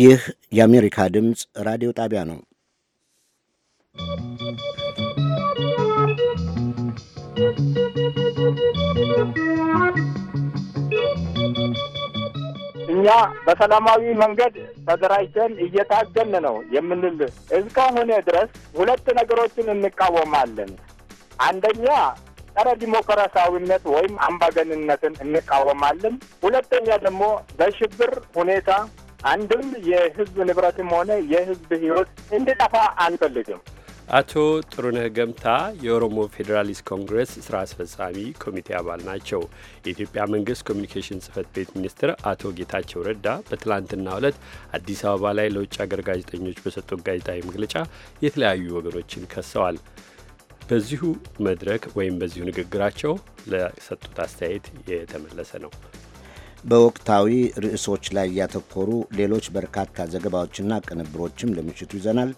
ይህ የአሜሪካ ድምፅ ራዲዮ ጣቢያ ነው። እኛ በሰላማዊ መንገድ ተደራጅተን እየታገን ነው የምንል እስከሆነ ድረስ ሁለት ነገሮችን እንቃወማለን። አንደኛ ጸረ ዲሞክራሲያዊነት ወይም አምባገንነትን እንቃወማለን። ሁለተኛ ደግሞ በሽብር ሁኔታ አንድም የህዝብ ንብረትም ሆነ የህዝብ ህይወት እንድጠፋ አንፈልግም። አቶ ጥሩነህ ገምታ የኦሮሞ ፌዴራሊስት ኮንግረስ ስራ አስፈጻሚ ኮሚቴ አባል ናቸው። የኢትዮጵያ መንግስት ኮሚኒኬሽን ጽህፈት ቤት ሚኒስትር አቶ ጌታቸው ረዳ በትላንትናው ዕለት አዲስ አበባ ላይ ለውጭ አገር ጋዜጠኞች በሰጡት ጋዜጣዊ መግለጫ የተለያዩ ወገኖችን ከሰዋል። በዚሁ መድረክ ወይም በዚሁ ንግግራቸው ለሰጡት አስተያየት የተመለሰ ነው። በወቅታዊ ርዕሶች ላይ ያተኮሩ ሌሎች በርካታ ዘገባዎችና ቅንብሮችም ለምሽቱ ይዘናል።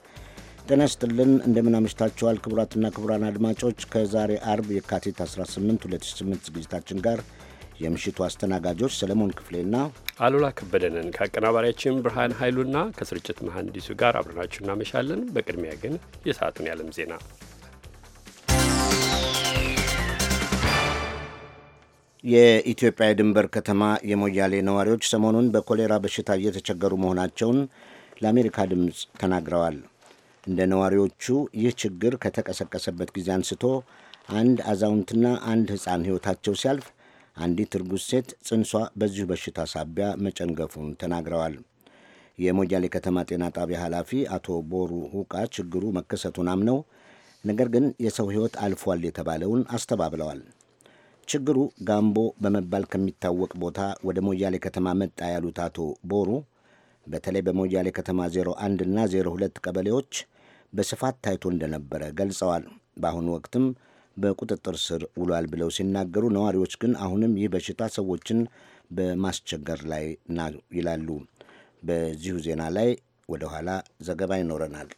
ጤና ይስጥልን፣ እንደምን አምሽታችኋል ክቡራትና ክቡራን አድማጮች ከዛሬ አርብ የካቲት 18 2008 ዝግጅታችን ጋር የምሽቱ አስተናጋጆች ሰለሞን ክፍሌና አሉላ ከበደንን ከአቀናባሪያችን ብርሃን ኃይሉና ከስርጭት መሐንዲሱ ጋር አብረናችሁ እናመሻለን። በቅድሚያ ግን የሰዓቱን ያለም ዜና የኢትዮጵያ የድንበር ከተማ የሞያሌ ነዋሪዎች ሰሞኑን በኮሌራ በሽታ እየተቸገሩ መሆናቸውን ለአሜሪካ ድምፅ ተናግረዋል። እንደ ነዋሪዎቹ ይህ ችግር ከተቀሰቀሰበት ጊዜ አንስቶ አንድ አዛውንትና አንድ ሕፃን ሕይወታቸው ሲያልፍ፣ አንዲት እርጉዝ ሴት ጽንሷ በዚሁ በሽታ ሳቢያ መጨንገፉን ተናግረዋል። የሞያሌ ከተማ ጤና ጣቢያ ኃላፊ አቶ ቦሩ ሁቃ ችግሩ መከሰቱን አምነው ነገር ግን የሰው ሕይወት አልፏል የተባለውን አስተባብለዋል። ችግሩ ጋምቦ በመባል ከሚታወቅ ቦታ ወደ ሞያሌ ከተማ መጣ ያሉት አቶ ቦሩ በተለይ በሞያሌ ከተማ 01 እና 02 ቀበሌዎች በስፋት ታይቶ እንደነበረ ገልጸዋል። በአሁኑ ወቅትም በቁጥጥር ስር ውሏል ብለው ሲናገሩ፣ ነዋሪዎች ግን አሁንም ይህ በሽታ ሰዎችን በማስቸገር ላይ ነው ይላሉ። በዚሁ ዜና ላይ ወደ ኋላ ዘገባ ይኖረናል።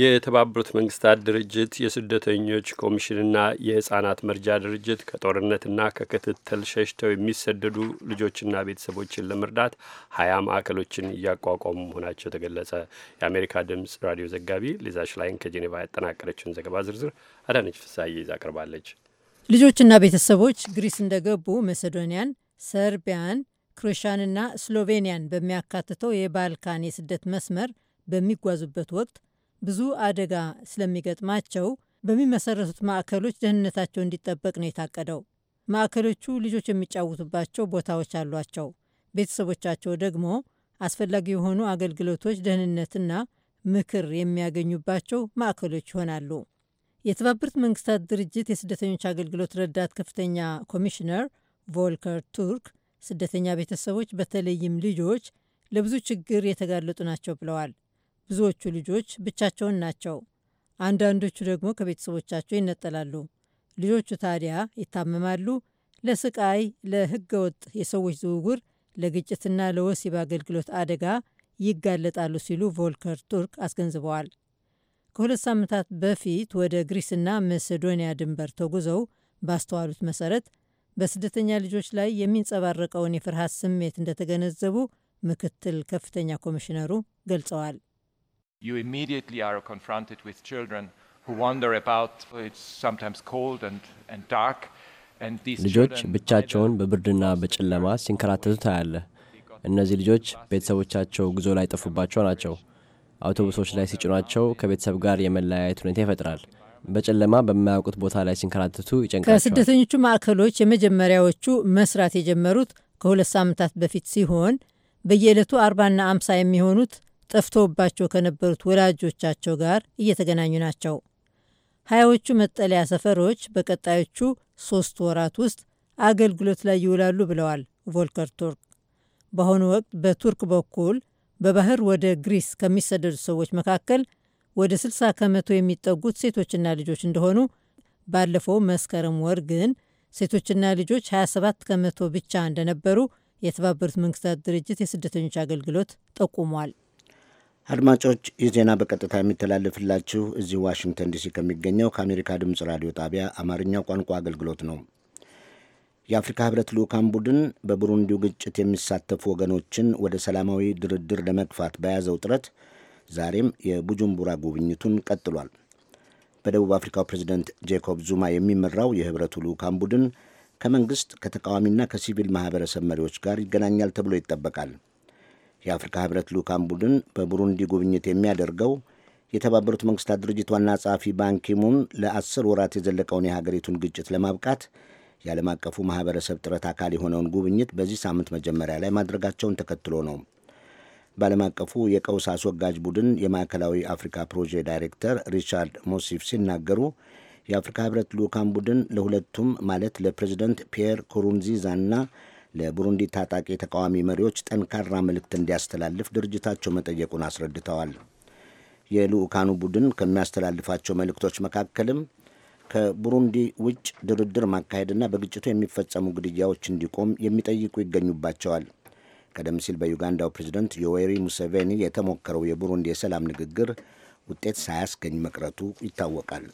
የተባበሩት መንግስታት ድርጅት የስደተኞች ኮሚሽንና የህጻናት መርጃ ድርጅት ከጦርነትና ከክትትል ሸሽተው የሚሰደዱ ልጆችና ቤተሰቦችን ለመርዳት ሀያ ማዕከሎችን እያቋቋሙ መሆናቸው ተገለጸ። የአሜሪካ ድምጽ ራዲዮ ዘጋቢ ሊዛ ሽላይን ከጄኔቫ ያጠናቀረችውን ዘገባ ዝርዝር አዳነች ፍሳዬ ይዛ ቀርባለች። ልጆችና ቤተሰቦች ግሪስ እንደገቡ መሰዶኒያን፣ ሰርቢያን፣ ክሮሻንና ስሎቬኒያን በሚያካትተው የባልካን የስደት መስመር በሚጓዙበት ወቅት ብዙ አደጋ ስለሚገጥማቸው በሚመሰረቱት ማዕከሎች ደህንነታቸው እንዲጠበቅ ነው የታቀደው። ማዕከሎቹ ልጆች የሚጫወቱባቸው ቦታዎች አሏቸው። ቤተሰቦቻቸው ደግሞ አስፈላጊ የሆኑ አገልግሎቶች፣ ደህንነትና ምክር የሚያገኙባቸው ማዕከሎች ይሆናሉ። የተባበሩት መንግስታት ድርጅት የስደተኞች አገልግሎት ረዳት ከፍተኛ ኮሚሽነር ቮልከር ቱርክ ስደተኛ ቤተሰቦች በተለይም ልጆች ለብዙ ችግር የተጋለጡ ናቸው ብለዋል። ብዙዎቹ ልጆች ብቻቸውን ናቸው። አንዳንዶቹ ደግሞ ከቤተሰቦቻቸው ይነጠላሉ። ልጆቹ ታዲያ ይታመማሉ፣ ለስቃይ፣ ለህገወጥ የሰዎች ዝውውር፣ ለግጭትና ለወሲብ አገልግሎት አደጋ ይጋለጣሉ ሲሉ ቮልከር ቱርክ አስገንዝበዋል። ከሁለት ሳምንታት በፊት ወደ ግሪስና መሴዶኒያ ድንበር ተጉዘው ባስተዋሉት መሰረት በስደተኛ ልጆች ላይ የሚንጸባረቀውን የፍርሃት ስሜት እንደተገነዘቡ ምክትል ከፍተኛ ኮሚሽነሩ ገልጸዋል። you immediately are confronted with children who wander about. It's sometimes cold and, and dark. ልጆች ብቻቸውን በብርድና በጨለማ ሲንከራተቱ ታያለ። እነዚህ ልጆች ቤተሰቦቻቸው ጉዞ ላይ ጠፉባቸው ናቸው። አውቶቡሶች ላይ ሲጭኗቸው ከቤተሰብ ጋር የመለያየት ሁኔታ ይፈጥራል። በጨለማ በማያውቁት ቦታ ላይ ሲንከራተቱ ይጨንቃቸዋል። ከስደተኞቹ ማዕከሎች የመጀመሪያዎቹ መስራት የጀመሩት ከሁለት ሳምንታት በፊት ሲሆን በየዕለቱ አርባና አምሳ የሚሆኑት ጠፍቶባቸው ከነበሩት ወላጆቻቸው ጋር እየተገናኙ ናቸው። ሀያዎቹ መጠለያ ሰፈሮች በቀጣዮቹ ሶስት ወራት ውስጥ አገልግሎት ላይ ይውላሉ ብለዋል ቮልከር ቱርክ። በአሁኑ ወቅት በቱርክ በኩል በባህር ወደ ግሪስ ከሚሰደዱ ሰዎች መካከል ወደ 60 ከመቶ የሚጠጉት ሴቶችና ልጆች እንደሆኑ፣ ባለፈው መስከረም ወር ግን ሴቶችና ልጆች 27 ከመቶ ብቻ እንደነበሩ የተባበሩት መንግስታት ድርጅት የስደተኞች አገልግሎት ጠቁሟል። አድማጮች ይህ ዜና በቀጥታ የሚተላለፍላችሁ እዚህ ዋሽንግተን ዲሲ ከሚገኘው ከአሜሪካ ድምፅ ራዲዮ ጣቢያ አማርኛው ቋንቋ አገልግሎት ነው። የአፍሪካ ህብረት ልዑካን ቡድን በቡሩንዲው ግጭት የሚሳተፉ ወገኖችን ወደ ሰላማዊ ድርድር ለመግፋት በያዘው ጥረት ዛሬም የቡጁምቡራ ጉብኝቱን ቀጥሏል። በደቡብ አፍሪካው ፕሬዚደንት ጄኮብ ዙማ የሚመራው የህብረቱ ልዑካን ቡድን ከመንግስት ከተቃዋሚና ከሲቪል ማህበረሰብ መሪዎች ጋር ይገናኛል ተብሎ ይጠበቃል። የአፍሪካ ህብረት ልዑካን ቡድን በቡሩንዲ ጉብኝት የሚያደርገው የተባበሩት መንግስታት ድርጅት ዋና ጸሐፊ ባንኪሙን ለአስር ወራት የዘለቀውን የሀገሪቱን ግጭት ለማብቃት የዓለም አቀፉ ማህበረሰብ ጥረት አካል የሆነውን ጉብኝት በዚህ ሳምንት መጀመሪያ ላይ ማድረጋቸውን ተከትሎ ነው። በዓለም አቀፉ የቀውስ አስወጋጅ ቡድን የማዕከላዊ አፍሪካ ፕሮጀክት ዳይሬክተር ሪቻርድ ሞሲፍ ሲናገሩ የአፍሪካ ህብረት ልዑካን ቡድን ለሁለቱም ማለት ለፕሬዚደንት ፒየር ኩሩንዚዛና ለቡሩንዲ ታጣቂ ተቃዋሚ መሪዎች ጠንካራ መልእክት እንዲያስተላልፍ ድርጅታቸው መጠየቁን አስረድተዋል። የልዑካኑ ቡድን ከሚያስተላልፋቸው መልእክቶች መካከልም ከቡሩንዲ ውጭ ድርድር ማካሄድና በግጭቱ የሚፈጸሙ ግድያዎች እንዲቆም የሚጠይቁ ይገኙባቸዋል። ቀደም ሲል በዩጋንዳው ፕሬዝደንት ዮዌሪ ሙሴቬኒ የተሞከረው የቡሩንዲ የሰላም ንግግር ውጤት ሳያስገኝ መቅረቱ ይታወቃል።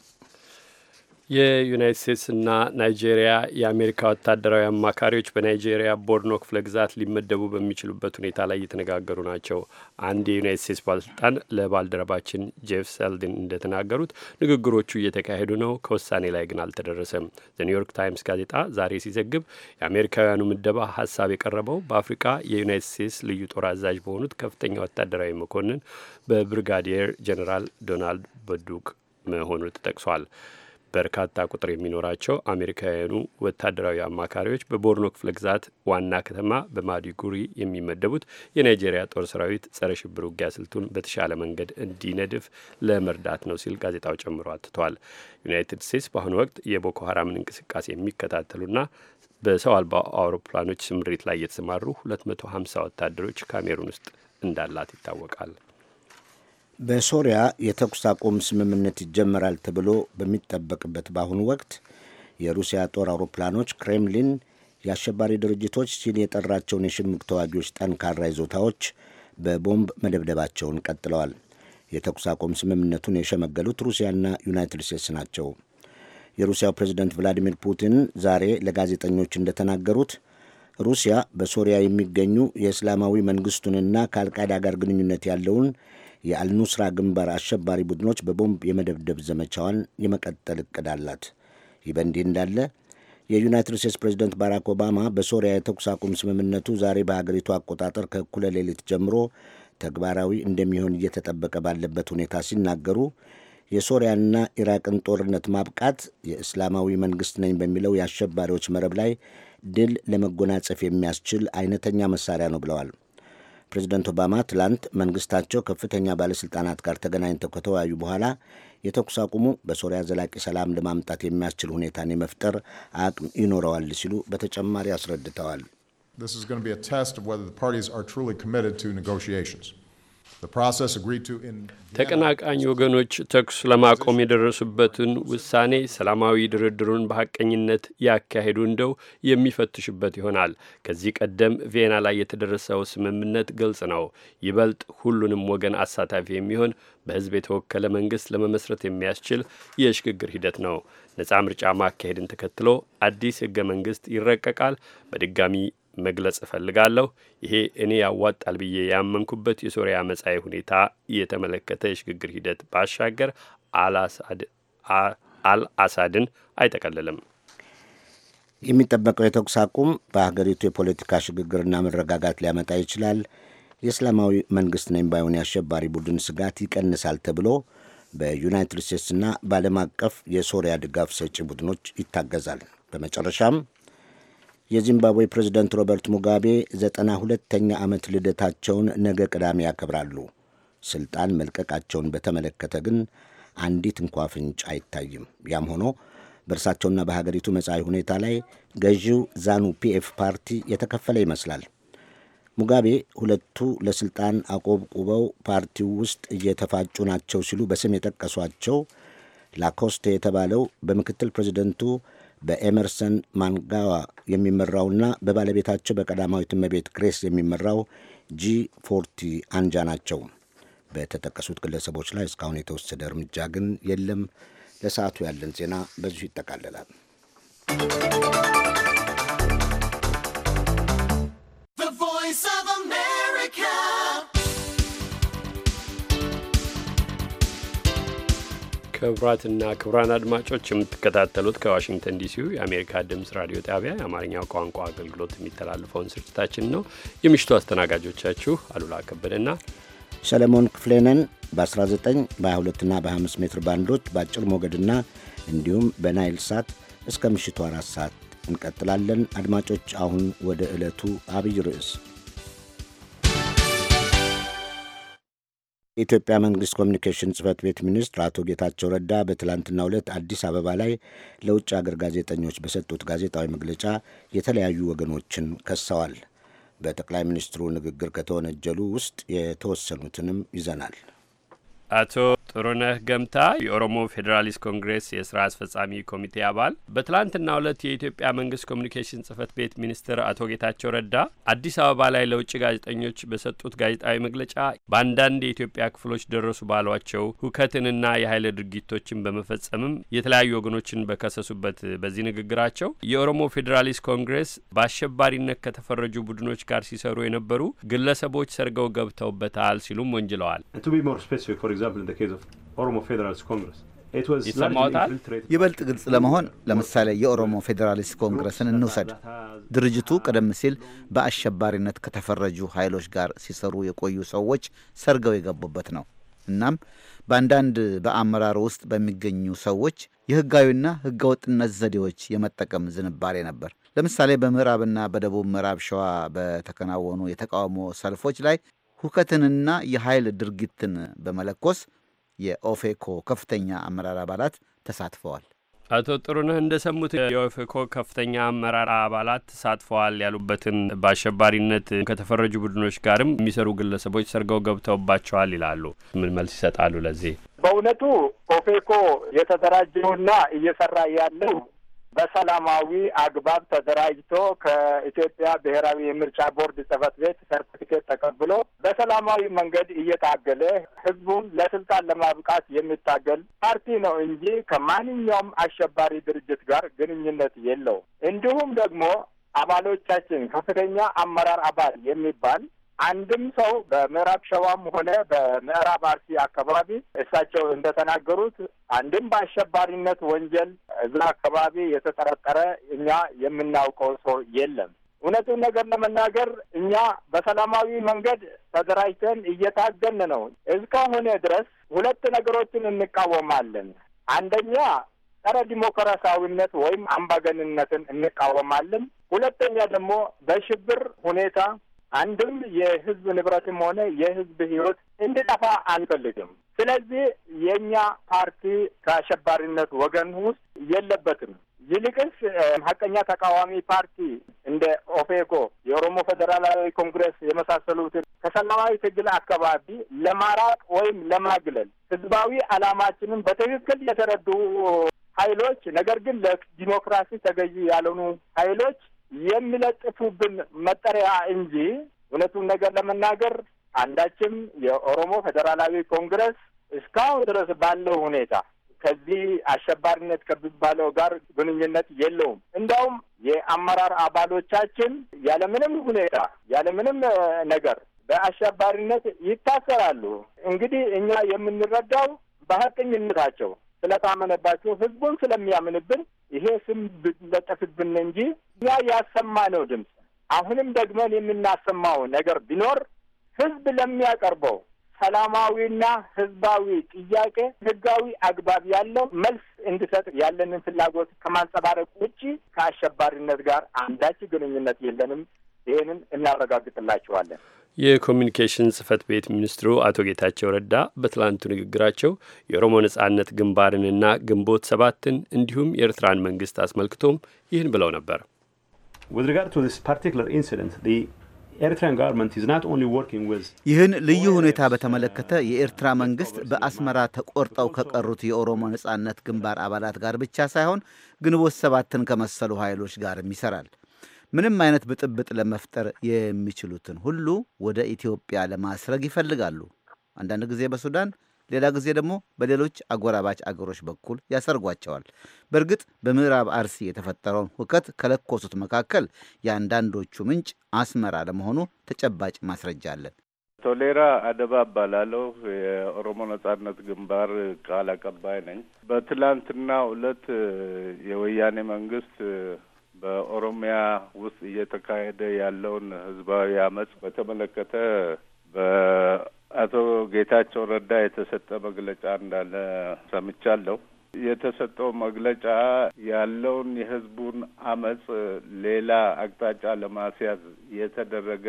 የዩናይት ስቴትስና ናይጄሪያ የአሜሪካ ወታደራዊ አማካሪዎች በናይጄሪያ ቦርኖ ክፍለ ግዛት ሊመደቡ በሚችሉበት ሁኔታ ላይ እየተነጋገሩ ናቸው። አንድ የዩናይት ስቴትስ ባለስልጣን ለባልደረባችን ጄፍ ሰልድን እንደተናገሩት ንግግሮቹ እየተካሄዱ ነው፣ ከውሳኔ ላይ ግን አልተደረሰም። ዘኒውዮርክ ታይምስ ጋዜጣ ዛሬ ሲዘግብ የአሜሪካውያኑ ምደባ ሀሳብ የቀረበው በአፍሪካ የዩናይት ስቴትስ ልዩ ጦር አዛዥ በሆኑት ከፍተኛ ወታደራዊ መኮንን በብሪጋዲየር ጀኔራል ዶናልድ በዱክ መሆኑ ተጠቅሷል። በርካታ ቁጥር የሚኖራቸው አሜሪካውያኑ ወታደራዊ አማካሪዎች በቦርኖ ክፍለ ግዛት ዋና ከተማ በማዲጉሪ የሚመደቡት የናይጄሪያ ጦር ሰራዊት ጸረ ሽብር ውጊያ ስልቱን በተሻለ መንገድ እንዲነድፍ ለመርዳት ነው ሲል ጋዜጣው ጨምሮ አትቷል። ዩናይትድ ስቴትስ በአሁኑ ወቅት የቦኮ ሀራምን እንቅስቃሴ የሚከታተሉና በሰው አልባ አውሮፕላኖች ስምሪት ላይ የተሰማሩ 250 ወታደሮች ካሜሩን ውስጥ እንዳላት ይታወቃል። በሶሪያ የተኩስ አቁም ስምምነት ይጀመራል ተብሎ በሚጠበቅበት በአሁኑ ወቅት የሩሲያ ጦር አውሮፕላኖች ክሬምሊን የአሸባሪ ድርጅቶች ሲል የጠራቸውን የሽምቅ ተዋጊዎች ጠንካራ ይዞታዎች በቦምብ መደብደባቸውን ቀጥለዋል። የተኩስ አቁም ስምምነቱን የሸመገሉት ሩሲያና ዩናይትድ ስቴትስ ናቸው። የሩሲያው ፕሬዚደንት ቭላዲሚር ፑቲን ዛሬ ለጋዜጠኞች እንደተናገሩት ሩሲያ በሶሪያ የሚገኙ የእስላማዊ መንግስቱንና ከአልቃይዳ ጋር ግንኙነት ያለውን የአልኑስራ ግንባር አሸባሪ ቡድኖች በቦምብ የመደብደብ ዘመቻዋን የመቀጠል እቅድ አላት። ይህ በእንዲህ እንዳለ የዩናይትድ ስቴትስ ፕሬዚደንት ባራክ ኦባማ በሶሪያ የተኩስ አቁም ስምምነቱ ዛሬ በሀገሪቱ አቆጣጠር ከእኩለ ሌሊት ጀምሮ ተግባራዊ እንደሚሆን እየተጠበቀ ባለበት ሁኔታ ሲናገሩ የሶሪያና ኢራቅን ጦርነት ማብቃት የእስላማዊ መንግስት ነኝ በሚለው የአሸባሪዎች መረብ ላይ ድል ለመጎናጸፍ የሚያስችል አይነተኛ መሳሪያ ነው ብለዋል። ፕሬዚደንት ኦባማ ትላንት መንግስታቸው ከፍተኛ ባለሥልጣናት ጋር ተገናኝተው ከተወያዩ በኋላ የተኩስ አቁሙ በሶሪያ ዘላቂ ሰላም ለማምጣት የሚያስችል ሁኔታን የመፍጠር አቅም ይኖረዋል ሲሉ በተጨማሪ አስረድተዋል። ተቀናቃኝ ወገኖች ተኩስ ለማቆም የደረሱበትን ውሳኔ ሰላማዊ ድርድሩን በሐቀኝነት ያካሄዱ እንደው የሚፈትሽበት ይሆናል። ከዚህ ቀደም ቪየና ላይ የተደረሰው ስምምነት ግልጽ ነው። ይበልጥ ሁሉንም ወገን አሳታፊ የሚሆን በሕዝብ የተወከለ መንግሥት ለመመስረት የሚያስችል የሽግግር ሂደት ነው። ነጻ ምርጫ ማካሄድን ተከትሎ አዲስ ሕገ መንግሥት ይረቀቃል። በድጋሚ መግለጽ እፈልጋለሁ። ይሄ እኔ ያዋጣል ብዬ ያመንኩበት የሶሪያ መጻኢ ሁኔታ የተመለከተ የሽግግር ሂደት ባሻገር አልአሳድን አይጠቀልልም። የሚጠበቀው የተኩስ አቁም በሀገሪቱ የፖለቲካ ሽግግርና መረጋጋት ሊያመጣ ይችላል። የእስላማዊ መንግሥት ነኝ ባዩን የአሸባሪ ቡድን ስጋት ይቀንሳል ተብሎ በዩናይትድ ስቴትስና በዓለም አቀፍ የሶሪያ ድጋፍ ሰጪ ቡድኖች ይታገዛል። በመጨረሻም የዚምባብዌ ፕሬዝደንት ሮበርት ሙጋቤ ዘጠና ሁለተኛ ዓመት ልደታቸውን ነገ ቅዳሜ ያከብራሉ። ስልጣን መልቀቃቸውን በተመለከተ ግን አንዲት እንኳ ፍንጭ አይታይም። ያም ሆኖ በእርሳቸውና በሀገሪቱ መጻኢ ሁኔታ ላይ ገዢው ዛኑ ፒኤፍ ፓርቲ የተከፈለ ይመስላል። ሙጋቤ ሁለቱ ለስልጣን አቆብቁበው ፓርቲው ውስጥ እየተፋጩ ናቸው ሲሉ በስም የጠቀሷቸው ላኮስቴ የተባለው በምክትል ፕሬዚደንቱ በኤመርሰን ማንጋዋ የሚመራውና በባለቤታቸው በቀዳማዊት እመቤት ግሬስ የሚመራው ጂ ፎርቲ አንጃ ናቸው። በተጠቀሱት ግለሰቦች ላይ እስካሁን የተወሰደ እርምጃ ግን የለም። ለሰዓቱ ያለን ዜና በዚሁ ይጠቃልላል። ክቡራትና ክቡራን አድማጮች የምትከታተሉት ከዋሽንግተን ዲሲው የአሜሪካ ድምፅ ራዲዮ ጣቢያ የአማርኛው ቋንቋ አገልግሎት የሚተላልፈውን ስርጭታችን ነው። የምሽቱ አስተናጋጆቻችሁ አሉላ ከበደና ሰለሞን ክፍሌነን በ19 በ22ና በ25 ሜትር ባንዶች በአጭር ሞገድና እንዲሁም በናይል ሳት እስከ ምሽቱ አራት ሰዓት እንቀጥላለን። አድማጮች አሁን ወደ ዕለቱ አብይ ርዕስ የኢትዮጵያ መንግስት ኮሚኒኬሽን ጽህፈት ቤት ሚኒስትር አቶ ጌታቸው ረዳ በትላንትናው ዕለት አዲስ አበባ ላይ ለውጭ አገር ጋዜጠኞች በሰጡት ጋዜጣዊ መግለጫ የተለያዩ ወገኖችን ከሰዋል። በጠቅላይ ሚኒስትሩ ንግግር ከተወነጀሉ ውስጥ የተወሰኑትንም ይዘናል። አቶ ጥሩነህ ገምታ የኦሮሞ ፌዴራሊስት ኮንግሬስ የስራ አስፈጻሚ ኮሚቴ አባል፣ በትላንትናው ሁለት የኢትዮጵያ መንግስት ኮሚኒኬሽን ጽህፈት ቤት ሚኒስትር አቶ ጌታቸው ረዳ አዲስ አበባ ላይ ለውጭ ጋዜጠኞች በሰጡት ጋዜጣዊ መግለጫ በአንዳንድ የኢትዮጵያ ክፍሎች ደረሱ ባሏቸው ሁከትንና የኃይል ድርጊቶችን በመፈጸምም የተለያዩ ወገኖችን በከሰሱበት በዚህ ንግግራቸው የኦሮሞ ፌዴራሊስት ኮንግሬስ በአሸባሪነት ከተፈረጁ ቡድኖች ጋር ሲሰሩ የነበሩ ግለሰቦች ሰርገው ገብተውበታል ሲሉም ወንጅለዋል። ይበልጥ ግልጽ ለመሆን ለምሳሌ የኦሮሞ ፌዴራሊስት ኮንግረስን እንውሰድ። ድርጅቱ ቀደም ሲል በአሸባሪነት ከተፈረጁ ኃይሎች ጋር ሲሰሩ የቆዩ ሰዎች ሰርገው የገቡበት ነው። እናም በአንዳንድ በአመራር ውስጥ በሚገኙ ሰዎች የህጋዊና ህገወጥነት ዘዴዎች የመጠቀም ዝንባሌ ነበር። ለምሳሌ በምዕራብና በደቡብ ምዕራብ ሸዋ በተከናወኑ የተቃውሞ ሰልፎች ላይ ሁከትንና የኃይል ድርጊትን በመለኮስ የኦፌኮ ከፍተኛ አመራር አባላት ተሳትፈዋል። አቶ ጥሩነህ እንደሰሙት የኦፌኮ ከፍተኛ አመራር አባላት ተሳትፈዋል ያሉበትን በአሸባሪነት ከተፈረጁ ቡድኖች ጋርም የሚሰሩ ግለሰቦች ሰርገው ገብተውባቸዋል ይላሉ። ምን መልስ ይሰጣሉ? ለዚህ በእውነቱ ኦፌኮ የተደራጀውና እየሰራ ያለው በሰላማዊ አግባብ ተደራጅቶ ከኢትዮጵያ ብሔራዊ የምርጫ ቦርድ ጽህፈት ቤት ሰርቲፊኬት ተቀብሎ በሰላማዊ መንገድ እየታገለ ህዝቡን ለስልጣን ለማብቃት የሚታገል ፓርቲ ነው እንጂ ከማንኛውም አሸባሪ ድርጅት ጋር ግንኙነት የለው እንዲሁም ደግሞ አባሎቻችን ከፍተኛ አመራር አባል የሚባል አንድም ሰው በምዕራብ ሸዋም ሆነ በምዕራብ አርሲ አካባቢ እሳቸው እንደተናገሩት አንድም በአሸባሪነት ወንጀል እዛ አካባቢ የተጠረጠረ እኛ የምናውቀው ሰው የለም። እውነቱን ነገር ለመናገር እኛ በሰላማዊ መንገድ ተደራጅተን እየታገን ነው። እስከሆነ ድረስ ሁለት ነገሮችን እንቃወማለን። አንደኛ ጸረ ዲሞክራሲያዊነት ወይም አምባገንነትን እንቃወማለን። ሁለተኛ ደግሞ በሽብር ሁኔታ አንድም የህዝብ ንብረትም ሆነ የህዝብ ህይወት እንዲጠፋ አንፈልግም። ስለዚህ የእኛ ፓርቲ ከአሸባሪነት ወገን ውስጥ የለበትም። ይልቅስ ሀቀኛ ተቃዋሚ ፓርቲ እንደ ኦፌኮ፣ የኦሮሞ ፌዴራላዊ ኮንግረስ የመሳሰሉትን ከሰላማዊ ትግል አካባቢ ለማራቅ ወይም ለማግለል ህዝባዊ አላማችንን በትክክል የተረዱ ኃይሎች ነገር ግን ለዲሞክራሲ ተገዢ ያልሆኑ ኃይሎች የሚለጥፉብን መጠሪያ እንጂ እውነቱን ነገር ለመናገር አንዳችም የኦሮሞ ፌዴራላዊ ኮንግረስ እስካሁን ድረስ ባለው ሁኔታ ከዚህ አሸባሪነት ከሚባለው ጋር ግንኙነት የለውም። እንዲያውም የአመራር አባሎቻችን ያለምንም ሁኔታ ያለምንም ነገር በአሸባሪነት ይታሰራሉ። እንግዲህ እኛ የምንረዳው በሀቀኝነታቸው ስለታመነባቸው ህዝቡን ስለሚያምንብን ይሄ ስም ብለጠፍብን እንጂ እኛ ያሰማነው ድምፅ አሁንም ደግመን የምናሰማው ነገር ቢኖር ህዝብ ለሚያቀርበው ሰላማዊና ህዝባዊ ጥያቄ ህጋዊ አግባብ ያለው መልስ እንዲሰጥ ያለንን ፍላጎት ከማንጸባረቅ ውጪ ከአሸባሪነት ጋር አንዳች ግንኙነት የለንም ይህንን እናረጋግጥላቸዋለን። የኮሚኒኬሽን ጽህፈት ቤት ሚኒስትሩ አቶ ጌታቸው ረዳ በትላንቱ ንግግራቸው የኦሮሞ ነጻነት ግንባርንና ግንቦት ሰባትን እንዲሁም የኤርትራን መንግስት አስመልክቶም ይህን ብለው ነበር። ይህን ልዩ ሁኔታ በተመለከተ የኤርትራ መንግስት በአስመራ ተቆርጠው ከቀሩት የኦሮሞ ነጻነት ግንባር አባላት ጋር ብቻ ሳይሆን ግንቦት ሰባትን ከመሰሉ ኃይሎች ጋርም ይሰራል። ምንም አይነት ብጥብጥ ለመፍጠር የሚችሉትን ሁሉ ወደ ኢትዮጵያ ለማስረግ ይፈልጋሉ። አንዳንድ ጊዜ በሱዳን ሌላ ጊዜ ደግሞ በሌሎች አጎራባች አገሮች በኩል ያሰርጓቸዋል። በእርግጥ በምዕራብ አርሲ የተፈጠረውን ሁከት ከለኮሱት መካከል የአንዳንዶቹ ምንጭ አስመራ ለመሆኑ ተጨባጭ ማስረጃ አለን። ቶሌራ አደባ እባላለሁ። የኦሮሞ ነጻነት ግንባር ቃል አቀባይ ነኝ። በትላንትና ዕለት የወያኔ መንግስት በኦሮሚያ ውስጥ እየተካሄደ ያለውን ህዝባዊ አመጽ በተመለከተ በአቶ ጌታቸው ረዳ የተሰጠ መግለጫ እንዳለ ሰምቻለሁ። የተሰጠው መግለጫ ያለውን የህዝቡን አመጽ ሌላ አቅጣጫ ለማስያዝ የተደረገ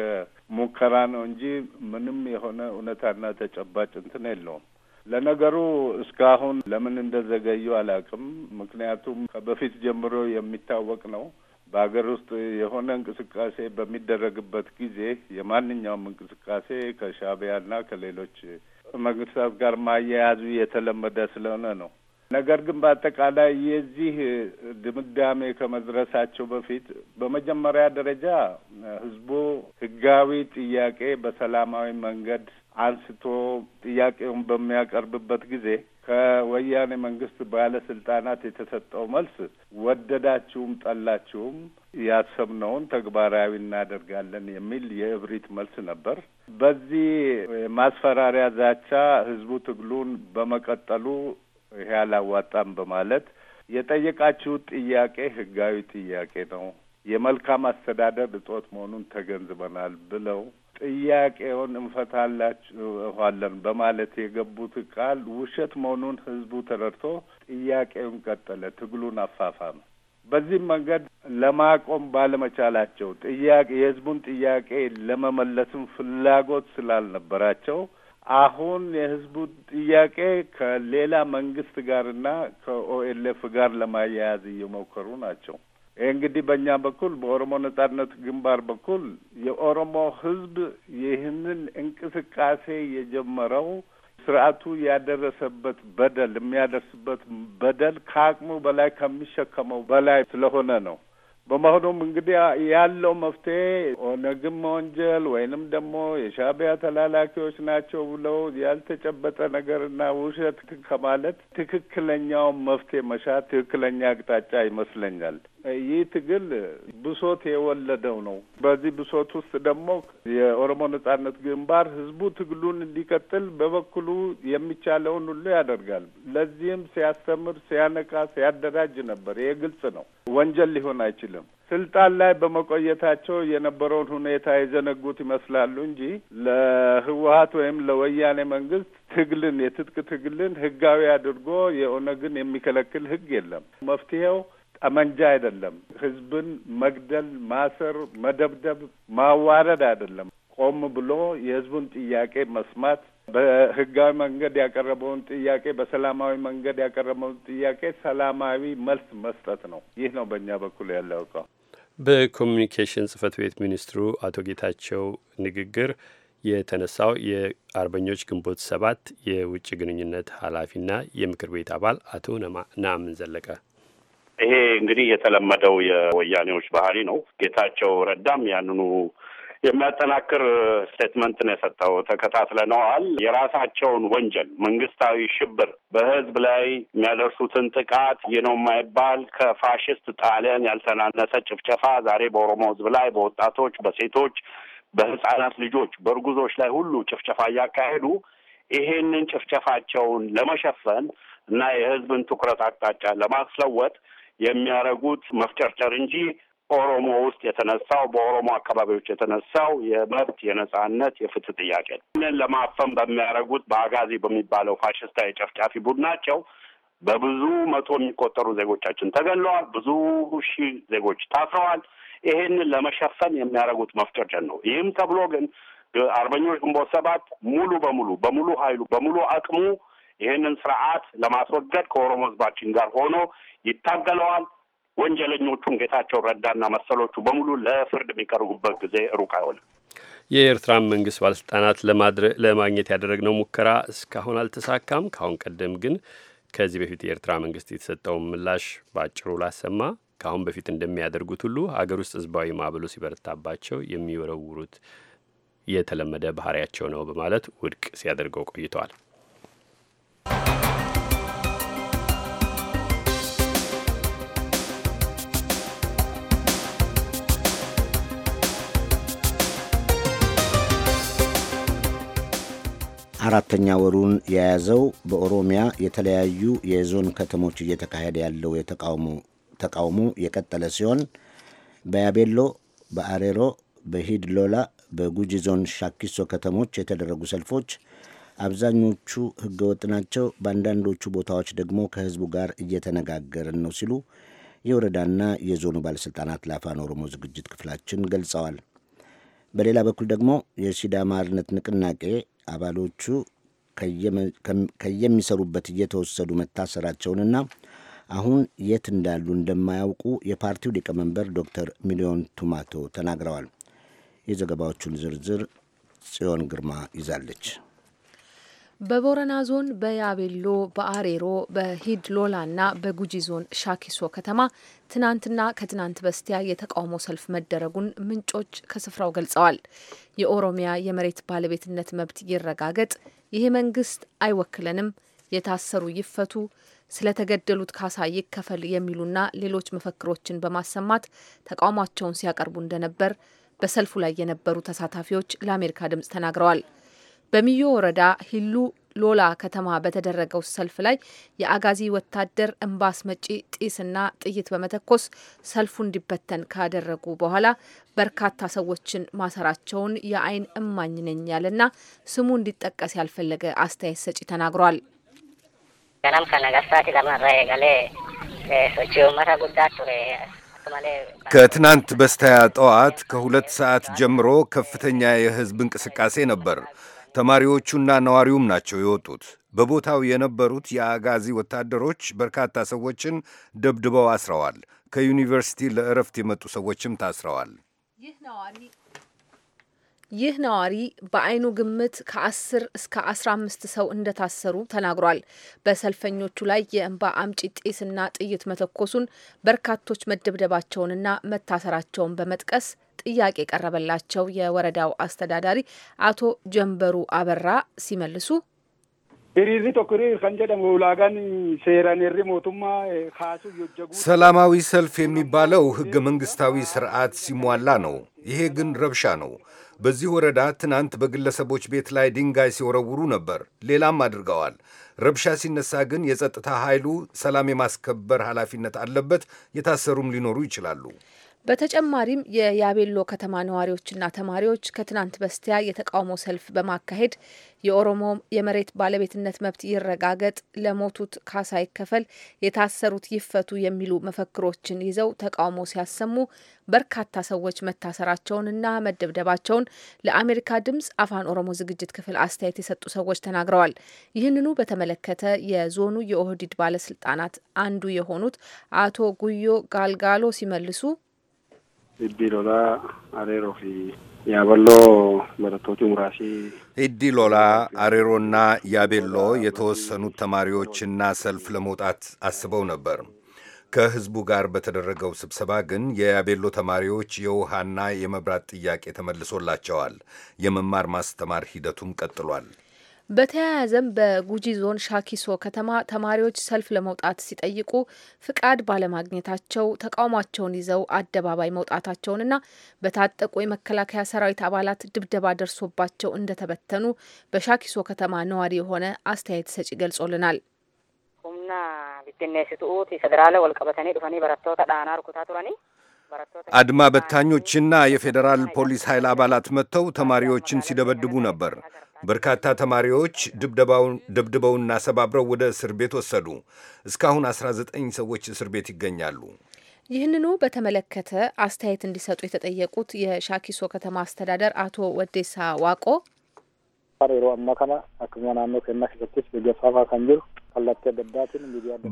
ሙከራ ነው እንጂ ምንም የሆነ እውነታና ተጨባጭ እንትን የለውም። ለነገሩ እስካሁን ለምን እንደዘገዩ አላውቅም። ምክንያቱም ከበፊት ጀምሮ የሚታወቅ ነው። በሀገር ውስጥ የሆነ እንቅስቃሴ በሚደረግበት ጊዜ የማንኛውም እንቅስቃሴ ከሻዕቢያና ከሌሎች መንግስታት ጋር ማያያዙ የተለመደ ስለሆነ ነው። ነገር ግን በአጠቃላይ የዚህ ድምዳሜ ከመድረሳቸው በፊት በመጀመሪያ ደረጃ ህዝቡ ህጋዊ ጥያቄ በሰላማዊ መንገድ አንስቶ ጥያቄውን በሚያቀርብበት ጊዜ ከወያኔ መንግስት ባለስልጣናት የተሰጠው መልስ ወደዳችሁም ጠላችሁም ያሰብነውን ተግባራዊ እናደርጋለን የሚል የእብሪት መልስ ነበር። በዚህ ማስፈራሪያ ዛቻ ህዝቡ ትግሉን በመቀጠሉ ይሄ አላዋጣም በማለት የጠየቃችሁት ጥያቄ ህጋዊ ጥያቄ ነው፣ የመልካም አስተዳደር እጦት መሆኑን ተገንዝበናል ብለው ጥያቄውን እንፈታላችኋለን በማለት የገቡት ቃል ውሸት መሆኑን ህዝቡ ተረድቶ ጥያቄውን ቀጠለ፣ ትግሉን አፋፋመ። በዚህም መንገድ ለማቆም ባለመቻላቸው ጥያቄ የህዝቡን ጥያቄ ለመመለስም ፍላጎት ስላልነበራቸው አሁን የህዝቡ ጥያቄ ከሌላ መንግስት ጋርና ከኦኤልኤፍ ጋር ለማያያዝ እየሞከሩ ናቸው። እንግዲህ በእኛ በኩል በኦሮሞ ነጻነት ግንባር በኩል የኦሮሞ ህዝብ ይህንን እንቅስቃሴ የጀመረው ስርዓቱ ያደረሰበት በደል የሚያደርስበት በደል ከአቅሙ በላይ ከሚሸከመው በላይ ስለሆነ ነው። በመሆኑም እንግዲህ ያለው መፍትሄ ኦነግም መወንጀል ወይንም ደግሞ የሻቢያ ተላላኪዎች ናቸው ብለው ያልተጨበጠ ነገርና ውሸት ከማለት ትክክለኛው መፍትሄ መሻት ትክክለኛ አቅጣጫ ይመስለኛል። ይህ ትግል ብሶት የወለደው ነው። በዚህ ብሶት ውስጥ ደግሞ የኦሮሞ ነጻነት ግንባር ህዝቡ ትግሉን እንዲቀጥል በበኩሉ የሚቻለውን ሁሉ ያደርጋል። ለዚህም ሲያስተምር፣ ሲያነቃ፣ ሲያደራጅ ነበር። ይሄ ግልጽ ነው። ወንጀል ሊሆን አይችልም። ስልጣን ላይ በመቆየታቸው የነበረውን ሁኔታ የዘነጉት ይመስላሉ እንጂ ለህወሀት ወይም ለወያኔ መንግስት ትግልን የትጥቅ ትግልን ህጋዊ አድርጎ የኦነግን የሚከለክል ህግ የለም። መፍትሄው ጠመንጃ አይደለም። ህዝብን መግደል፣ ማሰር፣ መደብደብ፣ ማዋረድ አይደለም። ቆም ብሎ የህዝቡን ጥያቄ መስማት በህጋዊ መንገድ ያቀረበውን ጥያቄ በሰላማዊ መንገድ ያቀረበውን ጥያቄ ሰላማዊ መልስ መስጠት ነው። ይህ ነው በእኛ በኩል ያለው እቃ በኮሚኒኬሽን ጽህፈት ቤት ሚኒስትሩ አቶ ጌታቸው ንግግር የተነሳው የአርበኞች ግንቦት ሰባት የውጭ ግንኙነት ኃላፊና የምክር ቤት አባል አቶ ናምን ዘለቀ ይሄ እንግዲህ የተለመደው የወያኔዎች ባህሪ ነው። ጌታቸው ረዳም ያንኑ የሚያጠናክር ስቴትመንት ነው የሰጠው። ተከታትለነዋል። የራሳቸውን ወንጀል መንግስታዊ ሽብር፣ በህዝብ ላይ የሚያደርሱትን ጥቃት ይህ ነው የማይባል ከፋሽስት ጣሊያን ያልተናነሰ ጭፍጨፋ ዛሬ በኦሮሞ ህዝብ ላይ፣ በወጣቶች፣ በሴቶች፣ በህጻናት ልጆች፣ በእርጉዞች ላይ ሁሉ ጭፍጨፋ እያካሄዱ ይሄንን ጭፍጨፋቸውን ለመሸፈን እና የህዝብን ትኩረት አቅጣጫ ለማስለወጥ የሚያደርጉት መፍጨርጨር እንጂ ኦሮሞ ውስጥ የተነሳው በኦሮሞ አካባቢዎች የተነሳው የመብት የነጻነት የፍትህ ጥያቄ ነው። ይህንን ለማፈን በሚያደርጉት በአጋዚ በሚባለው ፋሽስታ የጨፍጫፊ ቡድናቸው በብዙ መቶ የሚቆጠሩ ዜጎቻችን ተገለዋል። ብዙ ሺህ ዜጎች ታስረዋል። ይሄንን ለመሸፈን የሚያደርጉት መፍጨርጨር ነው። ይህም ተብሎ ግን አርበኞች ግንቦት ሰባት ሙሉ በሙሉ በሙሉ ኃይሉ በሙሉ አቅሙ ይህንን ስርዓት ለማስወገድ ከኦሮሞ ህዝባችን ጋር ሆኖ ይታገለዋል። ወንጀለኞቹን ጌታቸው ረዳና መሰሎቹ በሙሉ ለፍርድ የሚቀርቡበት ጊዜ ሩቅ አይሆንም። የኤርትራን መንግስት ባለስልጣናት ለማግኘት ያደረግነው ሙከራ እስካሁን አልተሳካም። ከአሁን ቀደም ግን ከዚህ በፊት የኤርትራ መንግስት የተሰጠውን ምላሽ በአጭሩ ላሰማ። ከአሁን በፊት እንደሚያደርጉት ሁሉ ሀገር ውስጥ ህዝባዊ ማዕበሉ ሲበረታባቸው የሚወረውሩት የተለመደ ባህሪያቸው ነው በማለት ውድቅ ሲያደርገው ቆይተዋል። አራተኛ ወሩን የያዘው በኦሮሚያ የተለያዩ የዞን ከተሞች እየተካሄደ ያለው ተቃውሞ የቀጠለ ሲሆን በያቤሎ፣ በአሬሮ፣ በሂድሎላ፣ በጉጂ ዞን ሻኪሶ ከተሞች የተደረጉ ሰልፎች አብዛኞቹ ህገወጥ ናቸው፣ በአንዳንዶቹ ቦታዎች ደግሞ ከህዝቡ ጋር እየተነጋገርን ነው ሲሉ የወረዳና የዞኑ ባለሥልጣናት ለአፋን ኦሮሞ ዝግጅት ክፍላችን ገልጸዋል። በሌላ በኩል ደግሞ የሲዳማ አርነት ንቅናቄ አባሎቹ ከየሚሰሩበት እየተወሰዱ መታሰራቸውንና አሁን የት እንዳሉ እንደማያውቁ የፓርቲው ሊቀመንበር ዶክተር ሚሊዮን ቱማቶ ተናግረዋል። የዘገባዎቹን ዝርዝር ጽዮን ግርማ ይዛለች። በቦረና ዞን በያቤሎ በአሬሮ ና በጉጂ ዞን ሻኪሶ ከተማ ትናንትና ከትናንት በስቲያ የተቃውሞ ሰልፍ መደረጉን ምንጮች ከስፍራው ገልጸዋል። የኦሮሚያ የመሬት ባለቤትነት መብት ይረጋገጥ፣ ይሄ መንግስት አይወክለንም፣ የታሰሩ ይፈቱ፣ ስለተገደሉት ካሳ ይከፈል የሚሉና ሌሎች መፈክሮችን በማሰማት ተቃውሟቸውን ሲያቀርቡ እንደነበር በሰልፉ ላይ የነበሩ ተሳታፊዎች ለአሜሪካ ድምጽ ተናግረዋል። በሚዮ ወረዳ ሂሉ ሎላ ከተማ በተደረገው ሰልፍ ላይ የአጋዚ ወታደር እምባስ አስመጪ ጢስና ጥይት በመተኮስ ሰልፉ እንዲበተን ካደረጉ በኋላ በርካታ ሰዎችን ማሰራቸውን የአይን እማኝ ነኝ ያለና ስሙ እንዲጠቀስ ያልፈለገ አስተያየት ሰጪ ተናግሯል። ከትናንት በስተያ ጠዋት ከሁለት ሰዓት ጀምሮ ከፍተኛ የህዝብ እንቅስቃሴ ነበር። ተማሪዎቹና ነዋሪውም ናቸው የወጡት። በቦታው የነበሩት የአጋዚ ወታደሮች በርካታ ሰዎችን ደብድበው አስረዋል። ከዩኒቨርሲቲ ለእረፍት የመጡ ሰዎችም ታስረዋል። ይህ ነዋሪ በአይኑ ግምት ከ10 እስከ 15 ሰው እንደታሰሩ ተናግሯል። በሰልፈኞቹ ላይ የእንባ አምጪ ጢስና ጥይት መተኮሱን፣ በርካቶች መደብደባቸውንና መታሰራቸውን በመጥቀስ ጥያቄ የቀረበላቸው የወረዳው አስተዳዳሪ አቶ ጀንበሩ አበራ ሲመልሱ ሰላማዊ ሰልፍ የሚባለው ህገ መንግስታዊ ስርዓት ሲሟላ ነው። ይሄ ግን ረብሻ ነው። በዚህ ወረዳ ትናንት በግለሰቦች ቤት ላይ ድንጋይ ሲወረውሩ ነበር። ሌላም አድርገዋል። ረብሻ ሲነሳ ግን የጸጥታ ኃይሉ ሰላም የማስከበር ኃላፊነት አለበት። የታሰሩም ሊኖሩ ይችላሉ። በተጨማሪም የያቤሎ ከተማ ነዋሪዎችና ተማሪዎች ከትናንት በስቲያ የተቃውሞ ሰልፍ በማካሄድ የኦሮሞ የመሬት ባለቤትነት መብት ይረጋገጥ፣ ለሞቱት ካሳ ይከፈል፣ የታሰሩት ይፈቱ የሚሉ መፈክሮችን ይዘው ተቃውሞ ሲያሰሙ በርካታ ሰዎች መታሰራቸውንና መደብደባቸውን ለአሜሪካ ድምጽ አፋን ኦሮሞ ዝግጅት ክፍል አስተያየት የሰጡ ሰዎች ተናግረዋል። ይህንኑ በተመለከተ የዞኑ የኦህዲድ ባለስልጣናት አንዱ የሆኑት አቶ ጉዮ ጋልጋሎ ሲመልሱ Hiddi lolaa areeroo fi ያበሎ መረቶቹ ሙራሲ ኢዲ ሎላ አሬሮና ያቤሎ የተወሰኑት ተማሪዎችና ሰልፍ ለመውጣት አስበው ነበር። ከህዝቡ ጋር በተደረገው ስብሰባ ግን የያቤሎ ተማሪዎች የውሃና የመብራት ጥያቄ ተመልሶላቸዋል። የመማር ማስተማር ሂደቱም ቀጥሏል። በተያያዘም በጉጂ ዞን ሻኪሶ ከተማ ተማሪዎች ሰልፍ ለመውጣት ሲጠይቁ ፍቃድ ባለማግኘታቸው ተቃውሟቸውን ይዘው አደባባይ መውጣታቸውንና በታጠቁ የመከላከያ ሰራዊት አባላት ድብደባ ደርሶባቸው እንደተበተኑ በሻኪሶ ከተማ ነዋሪ የሆነ አስተያየት ሰጪ ገልጾልናል። አድማ በታኞችና የፌዴራል ፖሊስ ኃይል አባላት መጥተው ተማሪዎችን ሲደበድቡ ነበር። በርካታ ተማሪዎች ደብድበውና ሰባብረው ወደ እስር ቤት ወሰዱ። እስካሁን 19 ሰዎች እስር ቤት ይገኛሉ። ይህንኑ በተመለከተ አስተያየት እንዲሰጡ የተጠየቁት የሻኪሶ ከተማ አስተዳደር አቶ ወዴሳ ዋቆ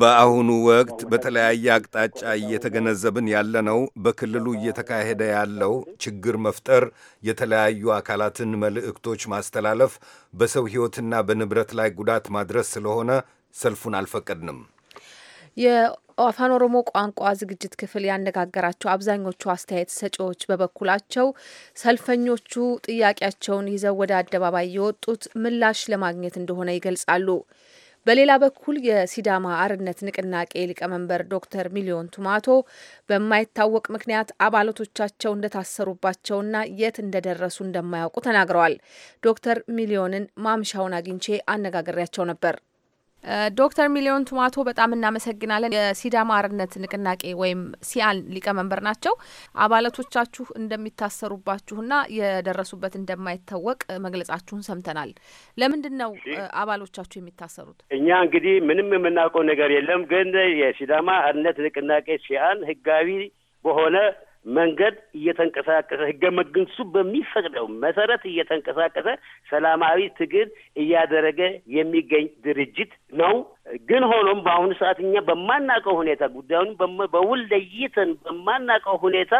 በአሁኑ ወቅት በተለያየ አቅጣጫ እየተገነዘብን ያለነው በክልሉ እየተካሄደ ያለው ችግር መፍጠር፣ የተለያዩ አካላትን መልእክቶች ማስተላለፍ፣ በሰው ሕይወትና በንብረት ላይ ጉዳት ማድረስ ስለሆነ ሰልፉን አልፈቀድንም። አፋን ኦሮሞ ቋንቋ ዝግጅት ክፍል ያነጋገራቸው አብዛኞቹ አስተያየት ሰጪዎች በበኩላቸው ሰልፈኞቹ ጥያቄያቸውን ይዘው ወደ አደባባይ የወጡት ምላሽ ለማግኘት እንደሆነ ይገልጻሉ። በሌላ በኩል የሲዳማ አርነት ንቅናቄ ሊቀመንበር ዶክተር ሚሊዮን ቱማቶ በማይታወቅ ምክንያት አባላቶቻቸው እንደታሰሩባቸውና የት እንደደረሱ እንደማያውቁ ተናግረዋል። ዶክተር ሚሊዮንን ማምሻውን አግኝቼ አነጋግሬያቸው ነበር። ዶክተር ሚሊዮን ቱማቶ በጣም እናመሰግናለን። የሲዳማ አርነት ንቅናቄ ወይም ሲአን ሊቀመንበር ናቸው። አባላቶቻችሁ እንደሚታሰሩባችሁና የደረሱበት እንደማይታወቅ መግለጻችሁን ሰምተናል። ለምንድን ነው አባሎቻችሁ የሚታሰሩት? እኛ እንግዲህ ምንም የምናውቀው ነገር የለም። ግን የሲዳማ አርነት ንቅናቄ ሲአን ህጋዊ በሆነ መንገድ እየተንቀሳቀሰ ህገ መንግስቱ በሚፈቅደው መሰረት እየተንቀሳቀሰ ሰላማዊ ትግል እያደረገ የሚገኝ ድርጅት ነው። ግን ሆኖም በአሁኑ ሰዓት እኛ በማናውቀው ሁኔታ ጉዳዩን በውል ለይተን በማናውቀው ሁኔታ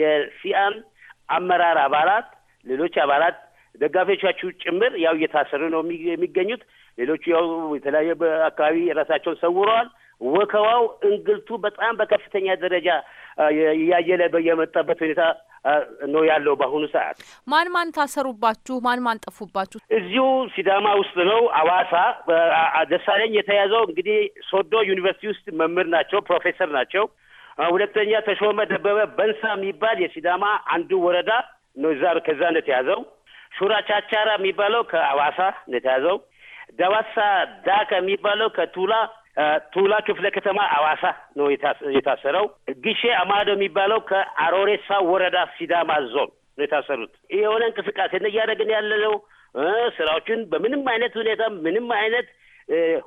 የሲአን አመራር አባላት፣ ሌሎች አባላት ደጋፊዎቻችሁ ጭምር ያው እየታሰሩ ነው የሚገኙት። ሌሎቹ ያው የተለያየ አካባቢ ራሳቸውን ሰውረዋል። ወከዋው፣ እንግልቱ በጣም በከፍተኛ ደረጃ እያየለ የመጣበት ሁኔታ ነው ያለው። በአሁኑ ሰዓት ማን ማን ታሰሩባችሁ? ማን ማን ጠፉባችሁ? እዚሁ ሲዳማ ውስጥ ነው አዋሳ። ደሳለኝ የተያዘው እንግዲህ ሶዶ ዩኒቨርሲቲ ውስጥ መምህር ናቸው፣ ፕሮፌሰር ናቸው። ሁለተኛ ተሾመ ደበበ በንሳ የሚባል የሲዳማ አንዱ ወረዳ ነው፣ እዛ ከዛ ነው የተያዘው። ሹራ ቻቻራ የሚባለው ከአዋሳ ነው የተያዘው። ደዋሳ ዳካ የሚባለው ከቱላ ቱላ ክፍለ ከተማ አዋሳ ነው የታሰረው። ግሼ አማዶ የሚባለው ከአሮሬሳ ወረዳ ሲዳማ ዞን ነው የታሰሩት። የሆነ እንቅስቃሴ እያደረግን ያለነው ስራዎችን በምንም አይነት ሁኔታ ምንም አይነት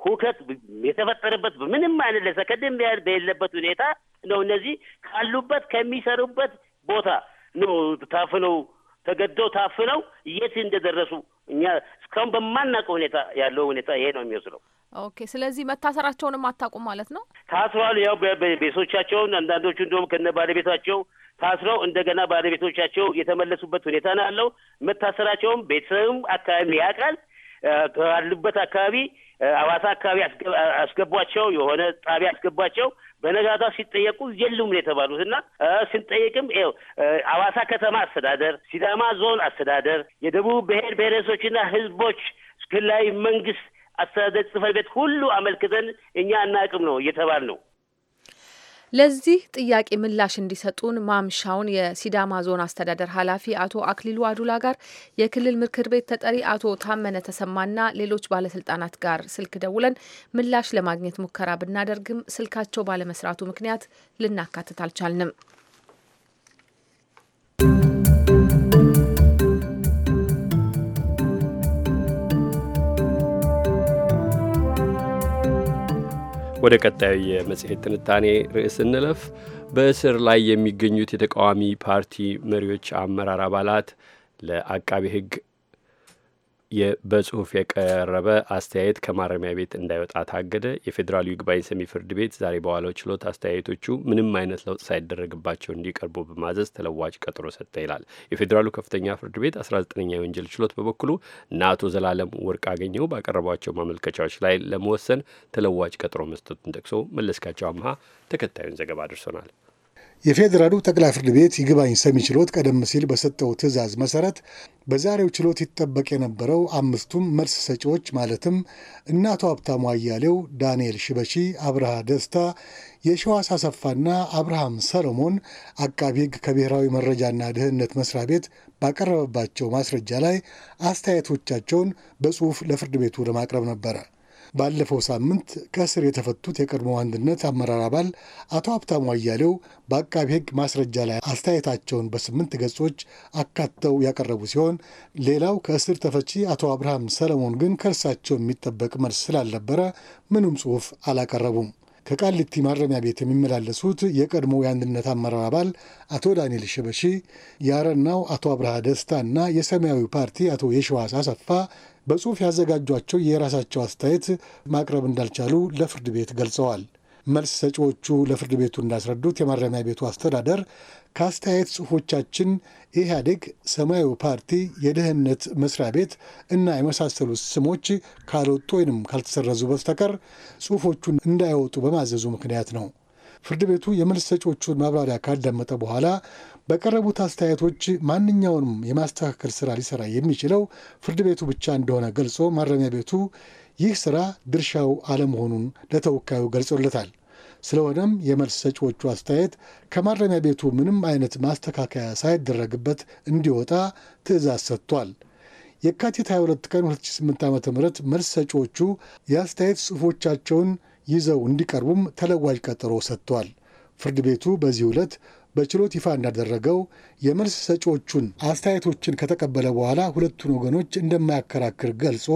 ሁከት የተፈጠረበት በምንም አይነት ለሰከድም በሌለበት ሁኔታ ነው እነዚህ ካሉበት ከሚሰሩበት ቦታ ነው ታፍነው ተገደው ታፍነው የት እንደደረሱ እኛ እስካሁን በማናውቀው ሁኔታ ያለው ሁኔታ ይሄ ነው የሚወስደው። ኦኬ። ስለዚህ መታሰራቸውንም አታውቁም ማለት ነው? ታስሯል። ያው ቤቶቻቸውን አንዳንዶቹ እንደውም ከነ ባለቤታቸው ታስረው እንደገና ባለቤቶቻቸው የተመለሱበት ሁኔታ ነው ያለው። መታሰራቸውም ቤተሰብም አካባቢ ያውቃል። ካሉበት አካባቢ አዋሳ አካባቢ አስገቧቸው፣ የሆነ ጣቢያ አስገቧቸው። በነጋታ ሲጠየቁ የሉም የተባሉት። እና ስንጠየቅም ው አዋሳ ከተማ አስተዳደር፣ ሲዳማ ዞን አስተዳደር፣ የደቡብ ብሔር ብሔረሰቦችና ህዝቦች ክልላዊ መንግስት አስተዳደር ጽህፈት ቤት ሁሉ አመልክተን እኛ አናቅም ነው እየተባል ነው። ለዚህ ጥያቄ ምላሽ እንዲሰጡን ማምሻውን የሲዳማ ዞን አስተዳደር ኃላፊ አቶ አክሊሉ አዱላ ጋር የክልል ምክር ቤት ተጠሪ አቶ ታመነ ተሰማና ሌሎች ባለስልጣናት ጋር ስልክ ደውለን ምላሽ ለማግኘት ሙከራ ብናደርግም ስልካቸው ባለመስራቱ ምክንያት ልናካትት አልቻልንም። ወደ ቀጣዩ የመጽሔት ትንታኔ ርዕስ እንለፍ። በእስር ላይ የሚገኙት የተቃዋሚ ፓርቲ መሪዎች አመራር አባላት ለአቃቤ ሕግ በጽሁፍ የቀረበ አስተያየት ከማረሚያ ቤት እንዳይወጣ ታገደ። የፌዴራሉ ይግባኝ ሰሚ ፍርድ ቤት ዛሬ በዋለው ችሎት አስተያየቶቹ ምንም አይነት ለውጥ ሳይደረግባቸው እንዲቀርቡ በማዘዝ ተለዋጭ ቀጠሮ ሰጠ ይላል። የፌዴራሉ ከፍተኛ ፍርድ ቤት 19ኛ የወንጀል ችሎት በበኩሉ እነ አቶ ዘላለም ወርቅ አገኘው ባቀረቧቸው ማመልከቻዎች ላይ ለመወሰን ተለዋጭ ቀጠሮ መስጠቱን ጠቅሶ መለስካቸው አምሃ ተከታዩን ዘገባ አድርሶናል። የፌዴራሉ ጠቅላይ ፍርድ ቤት ይግባኝ ሰሚ ችሎት ቀደም ሲል በሰጠው ትዕዛዝ መሰረት በዛሬው ችሎት ይጠበቅ የነበረው አምስቱም መልስ ሰጪዎች ማለትም እነ አቶ ሀብታሙ አያሌው፣ ዳንኤል ሽበሺ፣ አብርሃ ደስታ፣ የሸዋስ አሰፋና አብርሃም ሰሎሞን አቃቢ ሕግ ከብሔራዊ መረጃና ደህንነት መስሪያ ቤት ባቀረበባቸው ማስረጃ ላይ አስተያየቶቻቸውን በጽሁፍ ለፍርድ ቤቱ ለማቅረብ ነበረ። ባለፈው ሳምንት ከእስር የተፈቱት የቀድሞ አንድነት አመራር አባል አቶ ሀብታሙ አያሌው በአቃቢ ሕግ ማስረጃ ላይ አስተያየታቸውን በስምንት ገጾች አካተው ያቀረቡ ሲሆን ሌላው ከእስር ተፈቺ አቶ አብርሃም ሰለሞን ግን ከእርሳቸው የሚጠበቅ መልስ ስላልነበረ ምንም ጽሑፍ አላቀረቡም። ከቃሊቲ ማረሚያ ቤት የሚመላለሱት የቀድሞ የአንድነት አመራር አባል አቶ ዳንኤል ሽበሺ፣ የአረናው አቶ አብርሃ ደስታ እና የሰማያዊ ፓርቲ አቶ የሸዋስ አሰፋ በጽሑፍ ያዘጋጇቸው የራሳቸው አስተያየት ማቅረብ እንዳልቻሉ ለፍርድ ቤት ገልጸዋል። መልስ ሰጪዎቹ ለፍርድ ቤቱ እንዳስረዱት የማረሚያ ቤቱ አስተዳደር ከአስተያየት ጽሁፎቻችን ኢህአዴግ፣ ሰማያዊ ፓርቲ፣ የደህንነት መስሪያ ቤት እና የመሳሰሉት ስሞች ካልወጡ ወይንም ካልተሰረዙ በስተቀር ጽሁፎቹን እንዳይወጡ በማዘዙ ምክንያት ነው። ፍርድ ቤቱ የመልስ ሰጪዎቹን ማብራሪያ ካዳመጠ በኋላ በቀረቡት አስተያየቶች ማንኛውንም የማስተካከል ስራ ሊሰራ የሚችለው ፍርድ ቤቱ ብቻ እንደሆነ ገልጾ ማረሚያ ቤቱ ይህ ስራ ድርሻው አለመሆኑን ለተወካዩ ገልጾለታል። ስለሆነም የመልስ ሰጪዎቹ አስተያየት ከማረሚያ ቤቱ ምንም አይነት ማስተካከያ ሳይደረግበት እንዲወጣ ትዕዛዝ ሰጥቷል። የካቲት 22 ቀን 2008 ዓ ም መልስ ሰጪዎቹ የአስተያየት ጽሑፎቻቸውን ይዘው እንዲቀርቡም ተለዋጅ ቀጠሮ ሰጥቷል። ፍርድ ቤቱ በዚህ ዕለት በችሎት ይፋ እንዳደረገው የመልስ ሰጪዎቹን አስተያየቶችን ከተቀበለ በኋላ ሁለቱን ወገኖች እንደማያከራክር ገልጾ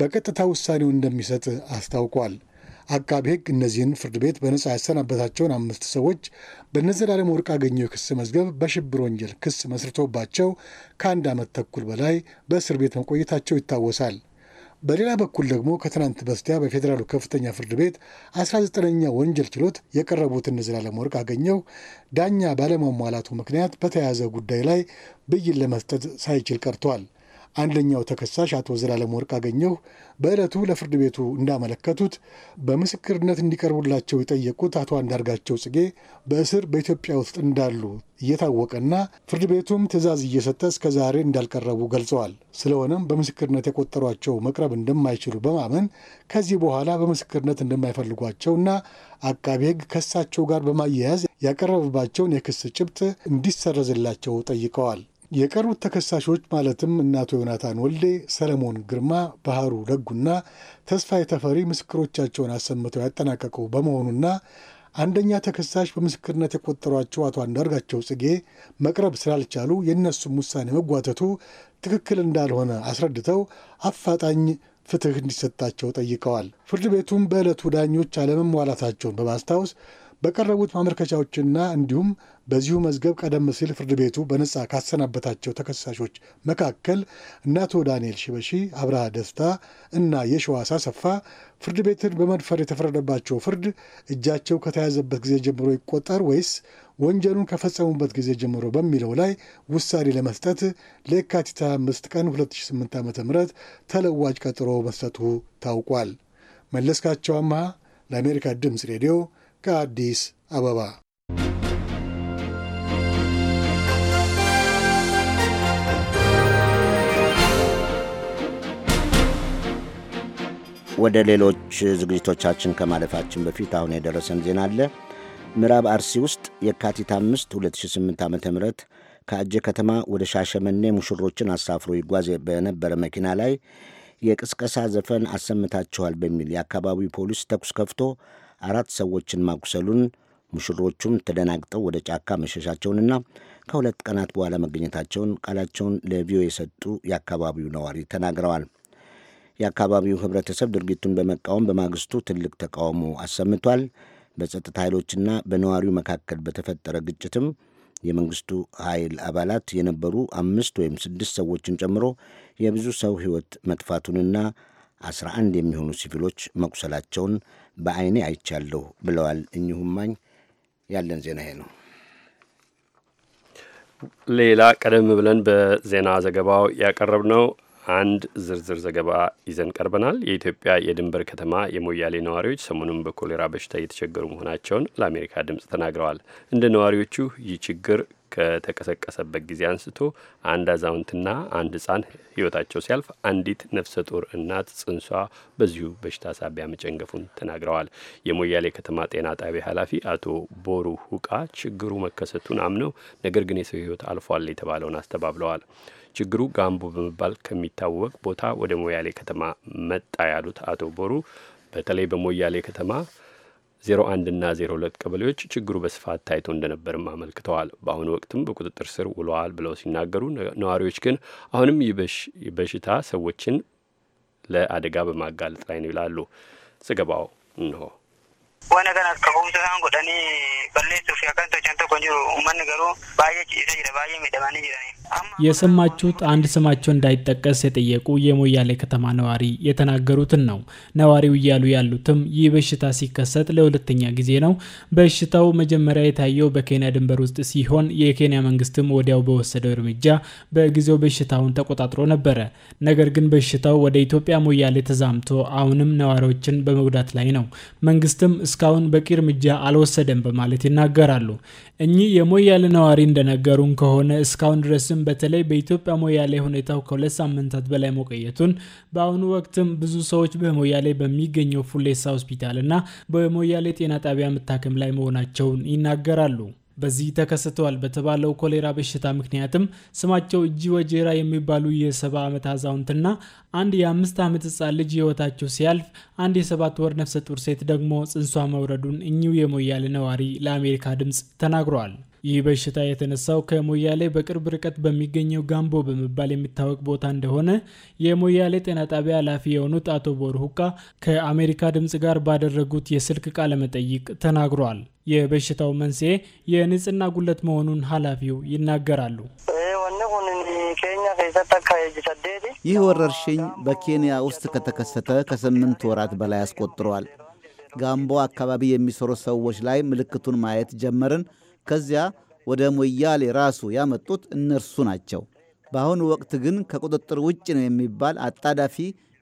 በቀጥታ ውሳኔውን እንደሚሰጥ አስታውቋል። አቃቢ ሕግ እነዚህን ፍርድ ቤት በነጻ ያሰናበታቸውን አምስት ሰዎች በነዘላለም ወርቅ አገኘው የክስ መዝገብ በሽብር ወንጀል ክስ መስርቶባቸው ከአንድ ዓመት ተኩል በላይ በእስር ቤት መቆየታቸው ይታወሳል። በሌላ በኩል ደግሞ ከትናንት በስቲያ በፌዴራሉ ከፍተኛ ፍርድ ቤት 19ኛ ወንጀል ችሎት የቀረቡትን ዘላለም ወርቅ አገኘው ዳኛ ባለመሟላቱ ምክንያት በተያያዘ ጉዳይ ላይ ብይን ለመስጠት ሳይችል ቀርቷል። አንደኛው ተከሳሽ አቶ ዘላለም ወርቅ አገኘሁ በዕለቱ ለፍርድ ቤቱ እንዳመለከቱት በምስክርነት እንዲቀርቡላቸው የጠየቁት አቶ አንዳርጋቸው ጽጌ በእስር በኢትዮጵያ ውስጥ እንዳሉ እየታወቀና ፍርድ ቤቱም ትዕዛዝ እየሰጠ እስከ ዛሬ እንዳልቀረቡ ገልጸዋል። ስለሆነም በምስክርነት የቆጠሯቸው መቅረብ እንደማይችሉ በማመን ከዚህ በኋላ በምስክርነት እንደማይፈልጓቸውና አቃቢ ሕግ ከሳቸው ጋር በማያያዝ ያቀረበባቸውን የክስ ጭብጥ እንዲሰረዝላቸው ጠይቀዋል። የቀሩት ተከሳሾች ማለትም እነ አቶ ዮናታን ወልዴ፣ ሰለሞን ግርማ፣ ባህሩ ደጉና ተስፋ የተፈሪ ምስክሮቻቸውን አሰምተው ያጠናቀቁ በመሆኑና አንደኛ ተከሳሽ በምስክርነት የቆጠሯቸው አቶ አንዳርጋቸው ጽጌ መቅረብ ስላልቻሉ የእነሱም ውሳኔ መጓተቱ ትክክል እንዳልሆነ አስረድተው አፋጣኝ ፍትህ እንዲሰጣቸው ጠይቀዋል። ፍርድ ቤቱም በዕለቱ ዳኞች አለመሟላታቸውን በማስታወስ በቀረቡት ማመልከቻዎችና እንዲሁም በዚሁ መዝገብ ቀደም ሲል ፍርድ ቤቱ በነጻ ካሰናበታቸው ተከሳሾች መካከል እነ አቶ ዳንኤል ሽበሺ፣ አብርሃ ደስታ እና የሸዋስ አሰፋ ፍርድ ቤትን በመድፈር የተፈረደባቸው ፍርድ እጃቸው ከተያዘበት ጊዜ ጀምሮ ይቆጠር ወይስ ወንጀሉን ከፈጸሙበት ጊዜ ጀምሮ በሚለው ላይ ውሳኔ ለመስጠት ለየካቲት 25 ቀን 2008 ዓ.ም ተለዋጭ ቀጠሮ መስጠቱ ታውቋል። መለስካቸው አምሃ ለአሜሪካ ድምፅ ሬዲዮ ከአዲስ አበባ ወደ ሌሎች ዝግጅቶቻችን ከማለፋችን በፊት አሁን የደረሰን ዜና አለ። ምዕራብ አርሲ ውስጥ የካቲት 5 2008 ዓ ም ከአጀ ከተማ ወደ ሻሸመኔ ሙሽሮችን አሳፍሮ ይጓዝ በነበረ መኪና ላይ የቅስቀሳ ዘፈን አሰምታችኋል በሚል የአካባቢው ፖሊስ ተኩስ ከፍቶ አራት ሰዎችን ማቁሰሉን ሙሽሮቹም ተደናግጠው ወደ ጫካ መሸሻቸውንና ከሁለት ቀናት በኋላ መገኘታቸውን ቃላቸውን ለቪኦኤ የሰጡ የአካባቢው ነዋሪ ተናግረዋል። የአካባቢው ሕብረተሰብ ድርጊቱን በመቃወም በማግስቱ ትልቅ ተቃውሞ አሰምቷል። በጸጥታ ኃይሎችና በነዋሪው መካከል በተፈጠረ ግጭትም የመንግስቱ ኃይል አባላት የነበሩ አምስት ወይም ስድስት ሰዎችን ጨምሮ የብዙ ሰው ሕይወት መጥፋቱንና 11 የሚሆኑ ሲቪሎች መቁሰላቸውን በአይኔ አይቻለሁ ብለዋል እኚሁ ያለን ዜና ይሄ ነው። ሌላ ቀደም ብለን በዜና ዘገባው ያቀረብ ነው። አንድ ዝርዝር ዘገባ ይዘን ቀርበናል። የኢትዮጵያ የድንበር ከተማ የሞያሌ ነዋሪዎች ሰሞኑን በኮሌራ በሽታ እየተቸገሩ መሆናቸውን ለአሜሪካ ድምፅ ተናግረዋል። እንደ ነዋሪዎቹ ይህ ችግር ከተቀሰቀሰበት ጊዜ አንስቶ አንድ አዛውንትና አንድ ህጻን ህይወታቸው ሲያልፍ አንዲት ነፍሰ ጡር እናት ጽንሷ በዚሁ በሽታ ሳቢያ መጨንገፉን ተናግረዋል። የሞያሌ ከተማ ጤና ጣቢያ ኃላፊ አቶ ቦሩ ሁቃ ችግሩ መከሰቱን አምነው ነገር ግን የሰው ህይወት አልፏል የተባለውን አስተባብለዋል። ችግሩ ጋምቦ በመባል ከሚታወቅ ቦታ ወደ ሞያሌ ከተማ መጣ ያሉት አቶ ቦሩ በተለይ በሞያሌ ከተማ 01 ና 02 ቀበሌዎች ችግሩ በስፋት ታይቶ እንደነበርም አመልክተዋል። በአሁኑ ወቅትም በቁጥጥር ስር ውለዋል ብለው ሲናገሩ፣ ነዋሪዎች ግን አሁንም በሽታ ሰዎችን ለአደጋ በማጋለጥ ላይ ነው ይላሉ። ዘገባው እንሆ ወነገን የሰማችሁት አንድ ስማቸው እንዳይጠቀስ የጠየቁ የሞያሌ ከተማ ነዋሪ የተናገሩትን ነው። ነዋሪው እያሉ ያሉትም ይህ በሽታ ሲከሰት ለሁለተኛ ጊዜ ነው። በሽታው መጀመሪያ የታየው በኬንያ ድንበር ውስጥ ሲሆን የኬንያ መንግስትም ወዲያው በወሰደው እርምጃ በጊዜው በሽታውን ተቆጣጥሮ ነበረ። ነገር ግን በሽታው ወደ ኢትዮጵያ ሞያሌ ተዛምቶ አሁንም ነዋሪዎችን በመጉዳት ላይ ነው። መንግስትም እስካሁን በቂ እርምጃ አልወሰደም በማለት ይናገራሉ። እኚህ የሞያሌ ነዋሪ እንደነገሩን ከሆነ እስካሁን ድረስም መንግስትም በተለይ በኢትዮጵያ ሞያሌ ሁኔታው ከሁለት ሳምንታት በላይ መቆየቱን በአሁኑ ወቅትም ብዙ ሰዎች በሞያሌ በሚገኘው ፉሌሳ ሆስፒታል እና በሞያሌ ጤና ጣቢያ መታከም ላይ መሆናቸውን ይናገራሉ። በዚህ ተከስተዋል በተባለው ኮሌራ በሽታ ምክንያትም ስማቸው እጂ ወጀራ የሚባሉ የሰባ ዓመት አዛውንትና አንድ የአምስት ዓመት ህፃን ልጅ ህይወታቸው ሲያልፍ አንድ የሰባት ወር ነፍሰ ጡር ሴት ደግሞ ጽንሷ መውረዱን እኚሁ የሞያሌ ነዋሪ ለአሜሪካ ድምፅ ተናግረዋል። ይህ በሽታ የተነሳው ከሞያሌ በቅርብ ርቀት በሚገኘው ጋምቦ በመባል የሚታወቅ ቦታ እንደሆነ የሞያሌ ጤና ጣቢያ ኃላፊ የሆኑት አቶ ቦርሁካ ከአሜሪካ ድምፅ ጋር ባደረጉት የስልክ ቃለ መጠይቅ ተናግረዋል። የበሽታው መንስኤ የንጽህና ጉለት መሆኑን ኃላፊው ይናገራሉ። ይህ ወረርሽኝ በኬንያ ውስጥ ከተከሰተ ከስምንት ወራት በላይ አስቆጥሯል። ጋምቦ አካባቢ የሚሰሩ ሰዎች ላይ ምልክቱን ማየት ጀመርን። ከዚያ ወደ ሞያሌ ራሱ ያመጡት እነርሱ ናቸው። በአሁኑ ወቅት ግን ከቁጥጥር ውጭ ነው የሚባል አጣዳፊ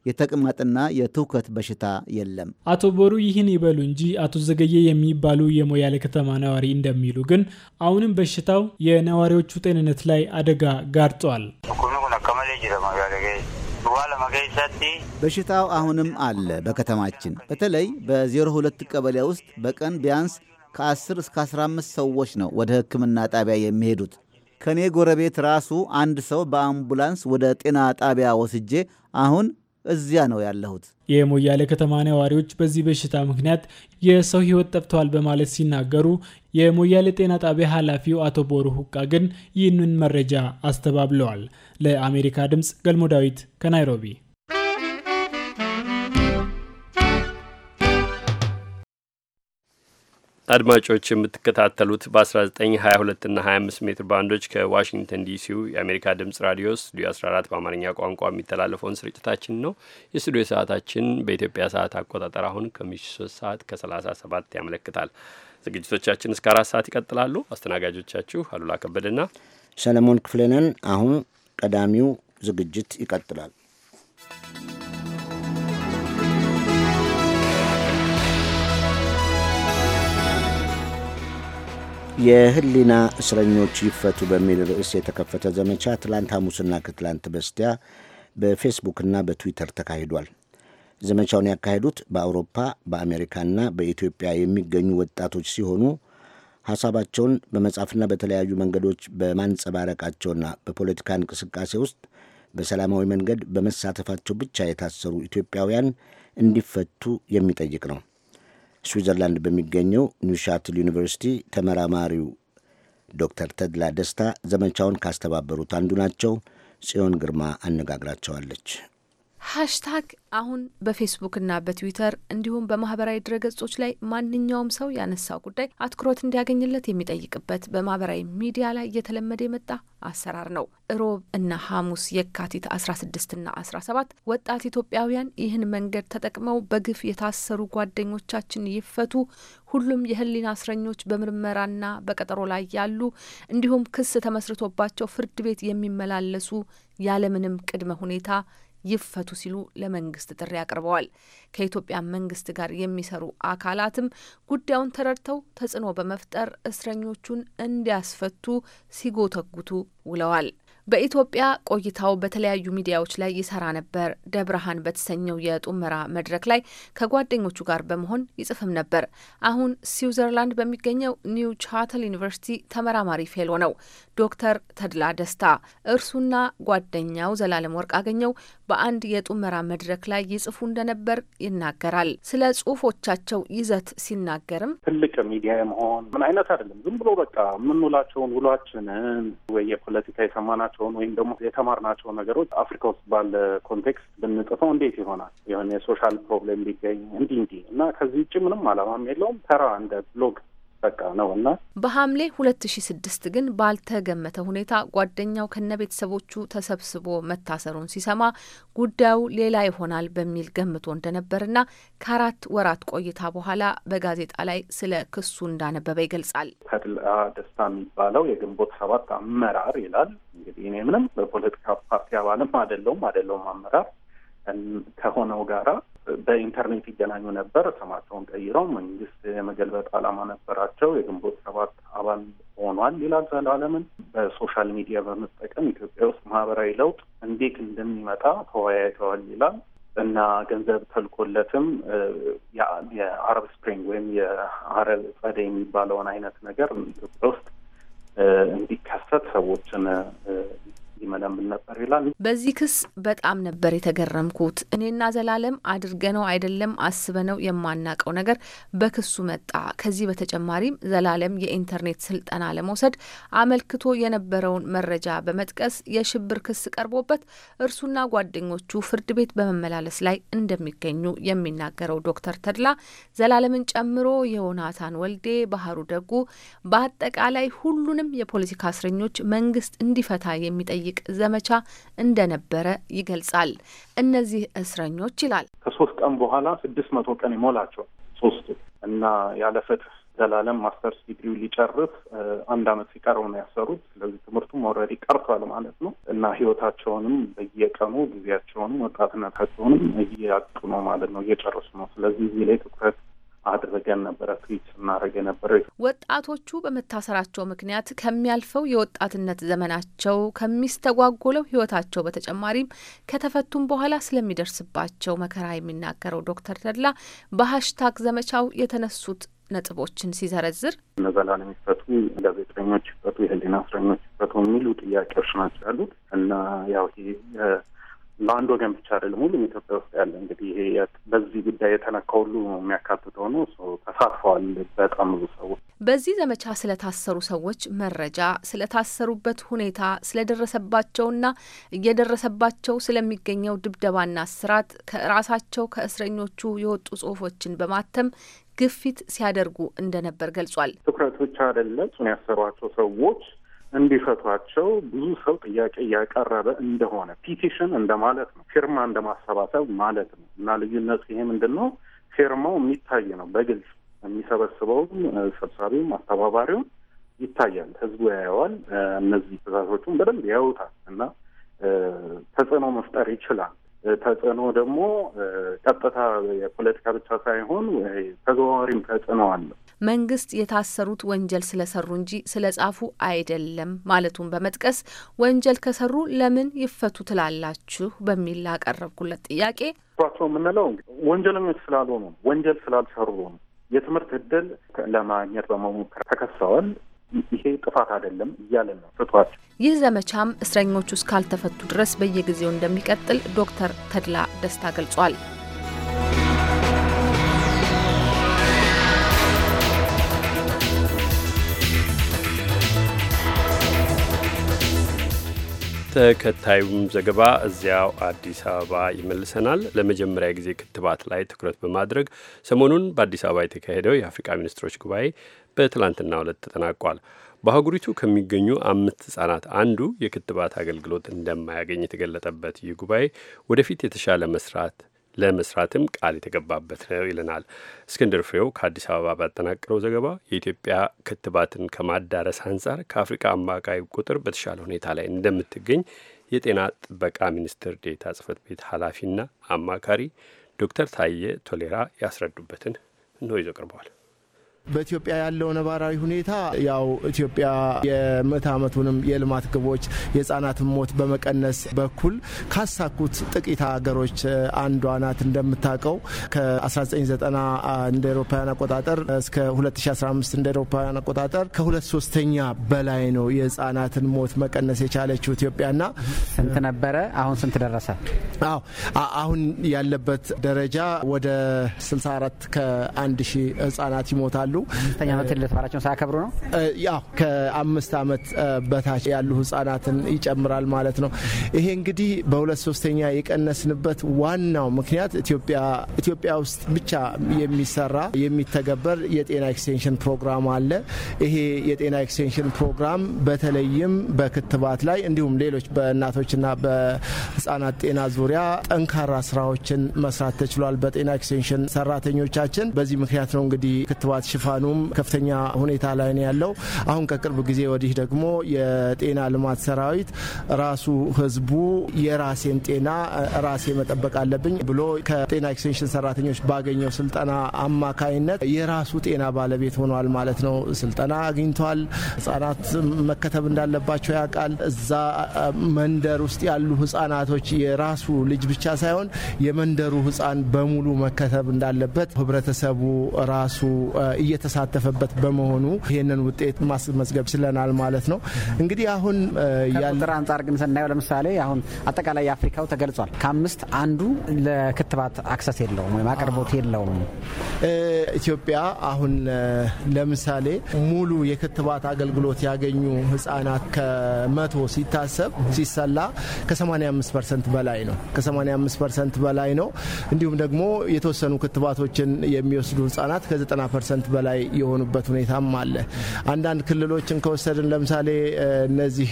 የተቅማጥና የትውከት በሽታ የለም። አቶ ቦሩ ይህን ይበሉ እንጂ አቶ ዘገየ የሚባሉ የሞያሌ ከተማ ነዋሪ እንደሚሉ ግን አሁንም በሽታው የነዋሪዎቹ ጤንነት ላይ አደጋ ጋርጧል። በሽታው አሁንም አለ። በከተማችን በተለይ በ02 ቀበሌ ውስጥ በቀን ቢያንስ ከ10 እስከ 15 ሰዎች ነው ወደ ሕክምና ጣቢያ የሚሄዱት። ከእኔ ጎረቤት ራሱ አንድ ሰው በአምቡላንስ ወደ ጤና ጣቢያ ወስጄ አሁን እዚያ ነው ያለሁት። የሞያሌ ከተማ ነዋሪዎች በዚህ በሽታ ምክንያት የሰው ህይወት ጠፍተዋል በማለት ሲናገሩ የሞያሌ ጤና ጣቢያ ኃላፊው አቶ ቦሩ ሁቃ ግን ይህንን መረጃ አስተባብለዋል። ለአሜሪካ ድምፅ ገልሞ ዳዊት ከናይሮቢ አድማጮች የምትከታተሉት በ1922 እና 25 ሜትር ባንዶች ከዋሽንግተን ዲሲው የአሜሪካ ድምጽ ራዲዮ ስቱዲዮ 14 በአማርኛ ቋንቋ የሚተላለፈውን ስርጭታችን ነው። የስቱዲዮ ሰዓታችን በኢትዮጵያ ሰዓት አቆጣጠር አሁን ከምሽቱ 3 ሰዓት ከ37 ያመለክታል። ዝግጅቶቻችን እስከ አራት ሰዓት ይቀጥላሉ። አስተናጋጆቻችሁ አሉላ ከበደና ሰለሞን ክፍሌ ነን። አሁን ቀዳሚው ዝግጅት ይቀጥላል። የህሊና እስረኞች ይፈቱ በሚል ርዕስ የተከፈተ ዘመቻ ትላንት ሐሙስና ከትላንት በስቲያ በፌስቡክና በትዊተር ተካሂዷል። ዘመቻውን ያካሄዱት በአውሮፓ በአሜሪካና በኢትዮጵያ የሚገኙ ወጣቶች ሲሆኑ ሐሳባቸውን በመጻፍና በተለያዩ መንገዶች በማንጸባረቃቸውና በፖለቲካ እንቅስቃሴ ውስጥ በሰላማዊ መንገድ በመሳተፋቸው ብቻ የታሰሩ ኢትዮጵያውያን እንዲፈቱ የሚጠይቅ ነው። ስዊዘርላንድ በሚገኘው ኒውሻትል ዩኒቨርሲቲ ተመራማሪው ዶክተር ተድላ ደስታ ዘመቻውን ካስተባበሩት አንዱ ናቸው። ጽዮን ግርማ አነጋግራቸዋለች። ሃሽታግ አሁን በፌስቡክና በትዊተር እንዲሁም በማህበራዊ ድረገጾች ላይ ማንኛውም ሰው ያነሳው ጉዳይ አትኩሮት እንዲያገኝለት የሚጠይቅበት በማህበራዊ ሚዲያ ላይ እየተለመደ የመጣ አሰራር ነው። ሮብ እና ሐሙስ የካቲት 16ና 17 ወጣት ኢትዮጵያውያን ይህን መንገድ ተጠቅመው በግፍ የታሰሩ ጓደኞቻችን ይፈቱ፣ ሁሉም የህሊና እስረኞች በምርመራና በቀጠሮ ላይ ያሉ እንዲሁም ክስ ተመስርቶባቸው ፍርድ ቤት የሚመላለሱ ያለምንም ቅድመ ሁኔታ ይፈቱ ሲሉ ለመንግስት ጥሪ አቅርበዋል። ከኢትዮጵያ መንግስት ጋር የሚሰሩ አካላትም ጉዳዩን ተረድተው ተጽዕኖ በመፍጠር እስረኞቹን እንዲያስፈቱ ሲጎተጉቱ ውለዋል። በኢትዮጵያ ቆይታው በተለያዩ ሚዲያዎች ላይ ይሰራ ነበር። ደብረሃን በተሰኘው የጡመራ መድረክ ላይ ከጓደኞቹ ጋር በመሆን ይጽፍም ነበር። አሁን ስዊዘርላንድ በሚገኘው ኒው ቻተል ዩኒቨርሲቲ ተመራማሪ ፌሎ ነው። ዶክተር ተድላ ደስታ እርሱና ጓደኛው ዘላለም ወርቅ አገኘው በአንድ የጡመራ መድረክ ላይ ይጽፉ እንደነበር ይናገራል። ስለ ጽሁፎቻቸው ይዘት ሲናገርም ትልቅ ሚዲያ የመሆን ምን አይነት አይደለም። ዝም ብሎ በቃ የምንውላቸውን ውሏችንን ወይ የፖለቲካ የሰማናቸው ያወቅናቸውን ወይም ደግሞ የተማርናቸውን ነገሮች አፍሪካ ውስጥ ባለ ኮንቴክስት ብንጽፈው እንዴት ይሆናል? የሆነ የሶሻል ፕሮብሌም ቢገኝ እንዲህ እንዲህ እና ከዚህ ውጭ ምንም አላማም የለውም ተራ እንደ ብሎግ በቃ ነው እና በሐምሌ ሁለት ሺ ስድስት ግን ባልተገመተ ሁኔታ ጓደኛው ከነ ቤተሰቦቹ ተሰብስቦ መታሰሩን ሲሰማ ጉዳዩ ሌላ ይሆናል በሚል ገምቶ እንደነበርና ከአራት ወራት ቆይታ በኋላ በጋዜጣ ላይ ስለ ክሱ እንዳነበበ ይገልጻል። ተድላ ደስታ የሚባለው የግንቦት ሰባት አመራር ይላል ምንም በፖለቲካ ፓርቲ አባልም አይደለውም አይደለውም አመራር ከሆነው ጋራ በኢንተርኔት ይገናኙ ነበር። ስማቸውን ቀይረው መንግስት የመገልበጥ ዓላማ ነበራቸው። የግንቦት ሰባት አባል ሆኗል ይላል ዘላለምን። በሶሻል ሚዲያ በመጠቀም ኢትዮጵያ ውስጥ ማህበራዊ ለውጥ እንዴት እንደሚመጣ ተወያይተዋል ይላል እና ገንዘብ ተልኮለትም የአረብ ስፕሪንግ ወይም የአረብ ጸደይ የሚባለውን አይነት ነገር ኢትዮጵያ ውስጥ እንዲከሰት ሰዎችን ይመለምል ነበር ይላል። በዚህ ክስ በጣም ነበር የተገረምኩት። እኔና ዘላለም አድርገነው አይደለም አስበነው የማናቀው ነገር በክሱ መጣ። ከዚህ በተጨማሪም ዘላለም የኢንተርኔት ስልጠና ለመውሰድ አመልክቶ የነበረውን መረጃ በመጥቀስ የሽብር ክስ ቀርቦበት እርሱና ጓደኞቹ ፍርድ ቤት በመመላለስ ላይ እንደሚገኙ የሚናገረው ዶክተር ተድላ ዘላለምን ጨምሮ የዮናታን ወልዴ፣ ባህሩ ደጉ በአጠቃላይ ሁሉንም የፖለቲካ እስረኞች መንግስት እንዲፈታ የሚጠይቅ የሚጠይቅ ዘመቻ እንደነበረ ይገልጻል። እነዚህ እስረኞች ይላል ከሶስት ቀን በኋላ ስድስት መቶ ቀን ይሞላቸው ሶስቱ እና ያለ ፍትህ ዘላለም ማስተርስ ዲግሪ ሊጨርስ አንድ አመት ሲቀረው ነው ያሰሩት። ስለዚህ ትምህርቱም ኦልሬዲ ቀርቷል ማለት ነው እና ህይወታቸውንም በየቀኑ ጊዜያቸውንም ወጣትነታቸውንም እያጡ ነው ማለት ነው፣ እየጨረሱ ነው። ስለዚህ እዚህ ላይ ትኩረት አድርገን ነበረ ትዊት ስናደርግ የነበረ። ወጣቶቹ በመታሰራቸው ምክንያት ከሚያልፈው የወጣትነት ዘመናቸው ከሚስተጓጎለው ህይወታቸው በተጨማሪም ከተፈቱም በኋላ ስለሚደርስባቸው መከራ የሚናገረው ዶክተር ተድላ በሀሽታግ ዘመቻው የተነሱት ነጥቦችን ሲዘረዝር ነዘላለም የሚፈቱ ጋዜጠኞች ይፈቱ፣ የህሊና እስረኞች ይፈቱ የሚሉ ጥያቄዎች ናቸው ያሉት እና ያው ይሄ ለአንድ ወገን ብቻ አይደለም፣ ሁሉም ኢትዮጵያ ውስጥ ያለ እንግዲህ ይሄ በዚህ ጉዳይ የተነካ ሁሉ የሚያካትተው ነው። ተሳትፈዋል በጣም ብዙ ሰዎች። በዚህ ዘመቻ ስለታሰሩ ሰዎች መረጃ፣ ስለታሰሩበት ሁኔታ፣ ስለደረሰባቸውና እየደረሰባቸው ስለሚገኘው ድብደባና እስራት ከራሳቸው ከእስረኞቹ የወጡ ጽሁፎችን በማተም ግፊት ሲያደርጉ እንደነበር ገልጿል። ትኩረት ብቻ አይደለም ያሰሯቸው ሰዎች እንዲፈቷቸው ብዙ ሰው ጥያቄ ያቀረበ እንደሆነ ፒቲሽን እንደማለት ነው፣ ፊርማ እንደማሰባሰብ ማለት ነው። እና ልዩነቱ ይሄ ምንድን ነው? ፊርማው የሚታይ ነው በግልጽ የሚሰበስበውም ሰብሳቢውም አስተባባሪውም ይታያል። ህዝቡ ያየዋል። እነዚህ ትእዛዞቹን በደንብ ያዩታል እና ተጽዕኖ መፍጠር ይችላል። ተጽዕኖ ደግሞ ቀጥታ የፖለቲካ ብቻ ሳይሆን ተዘዋዋሪም ተጽዕኖ አለው። መንግስት የታሰሩት ወንጀል ስለሰሩ እንጂ ስለጻፉ አይደለም ማለቱን በመጥቀስ ወንጀል ከሰሩ ለምን ይፈቱ ትላላችሁ በሚል ላቀረብኩለት ጥያቄ ቸው የምንለው ወንጀለኞች ስላልሆኑ ወንጀል ስላልሰሩ ነው። የትምህርት እድል ለማግኘት በመሞከር ተከሰዋል። ይሄ ጥፋት አይደለም እያለን ነው ፍቷቸው። ይህ ዘመቻም እስረኞቹ እስካልተፈቱ ድረስ በየጊዜው እንደሚቀጥል ዶክተር ተድላ ደስታ ገልጿል። ተከታዩም ዘገባ እዚያው አዲስ አበባ ይመልሰናል። ለመጀመሪያ ጊዜ ክትባት ላይ ትኩረት በማድረግ ሰሞኑን በአዲስ አበባ የተካሄደው የአፍሪካ ሚኒስትሮች ጉባኤ በትላንትና ዕለት ተጠናቋል። በአህጉሪቱ ከሚገኙ አምስት ህጻናት አንዱ የክትባት አገልግሎት እንደማያገኝ የተገለጠበት ይህ ጉባኤ ወደፊት የተሻለ መስራት ለመስራትም ቃል የተገባበት ነው ይለናል። እስክንድር ፍሬው ከአዲስ አበባ ባጠናቀረው ዘገባ የኢትዮጵያ ክትባትን ከማዳረስ አንጻር ከአፍሪካ አማካይ ቁጥር በተሻለ ሁኔታ ላይ እንደምትገኝ የጤና ጥበቃ ሚኒስትር ዴታ ጽህፈት ቤት ኃላፊና አማካሪ ዶክተር ታዬ ቶሌራ ያስረዱበትን እንሆ ይዞ ቀርበዋል። በኢትዮጵያ ያለው ነባራዊ ሁኔታ ያው ኢትዮጵያ የምዕተ ዓመቱንም የልማት ግቦች የህጻናትን ሞት በመቀነስ በኩል ካሳኩት ጥቂት ሀገሮች አንዷ ናት። እንደምታውቀው ከ1990 እንደ ኤሮፓውያን አቆጣጠር እስከ 2015 እንደ ኤሮፓውያን አቆጣጠር ከሁለት ሶስተኛ በላይ ነው የህጻናትን ሞት መቀነስ የቻለችው ኢትዮጵያና ስንት ነበረ? አሁን ስንት ደረሰ? አዎ አሁን ያለበት ደረጃ ወደ 64 ከ1 ሺህ ህጻናት ይሞታሉ። አምስተኛ ዓመት ልደት በዓላቸውን ሳያከብሩ ነው። ያው ከአምስት ዓመት በታች ያሉ ህጻናትን ይጨምራል ማለት ነው። ይሄ እንግዲህ በሁለት ሶስተኛ የቀነስንበት ዋናው ምክንያት ኢትዮጵያ ውስጥ ብቻ የሚሰራ የሚተገበር የጤና ኤክስቴንሽን ፕሮግራም አለ። ይሄ የጤና ኤክስቴንሽን ፕሮግራም በተለይም በክትባት ላይ እንዲሁም ሌሎች በእናቶችና በህጻናት ጤና ዙሪያ ጠንካራ ስራዎችን መስራት ተችሏል። በጤና ኤክስቴንሽን ሰራተኞቻችን በዚህ ምክንያት ነው እንግዲህ ክትባት ሽፍ ሽፋኑም ከፍተኛ ሁኔታ ላይ ነው ያለው። አሁን ከቅርብ ጊዜ ወዲህ ደግሞ የጤና ልማት ሰራዊት ራሱ ህዝቡ የራሴን ጤና ራሴ መጠበቅ አለብኝ ብሎ ከጤና ኤክስቴንሽን ሰራተኞች ባገኘው ስልጠና አማካይነት የራሱ ጤና ባለቤት ሆኗል ማለት ነው። ስልጠና አግኝቷል። ህጻናት መከተብ እንዳለባቸው ያውቃል። እዛ መንደር ውስጥ ያሉ ህጻናቶች የራሱ ልጅ ብቻ ሳይሆን የመንደሩ ህጻን በሙሉ መከተብ እንዳለበት ህብረተሰቡ ራሱ እየ የተሳተፈበት በመሆኑ ይህንን ውጤት ማስመዝገብ ችለናል ማለት ነው። እንግዲህ አሁን ቁጥር አንጻር ግን ስናየው ለምሳሌ አሁን አጠቃላይ የአፍሪካው ተገልጿል። ከአምስት አንዱ ለክትባት አክሰስ የለውም ወይም አቅርቦት የለውም። ኢትዮጵያ አሁን ለምሳሌ ሙሉ የክትባት አገልግሎት ያገኙ ህጻናት ከመቶ ሲታሰብ ሲሰላ ከ85 ፐርሰንት በላይ ነው ከ85 ፐርሰንት በላይ ነው። እንዲሁም ደግሞ የተወሰኑ ክትባቶችን የሚወስዱ ህጻናት ከ90 ፐርሰንት በላይ የሆኑበት ሁኔታም አለ። አንዳንድ ክልሎችን ከወሰድን ለምሳሌ እነዚህ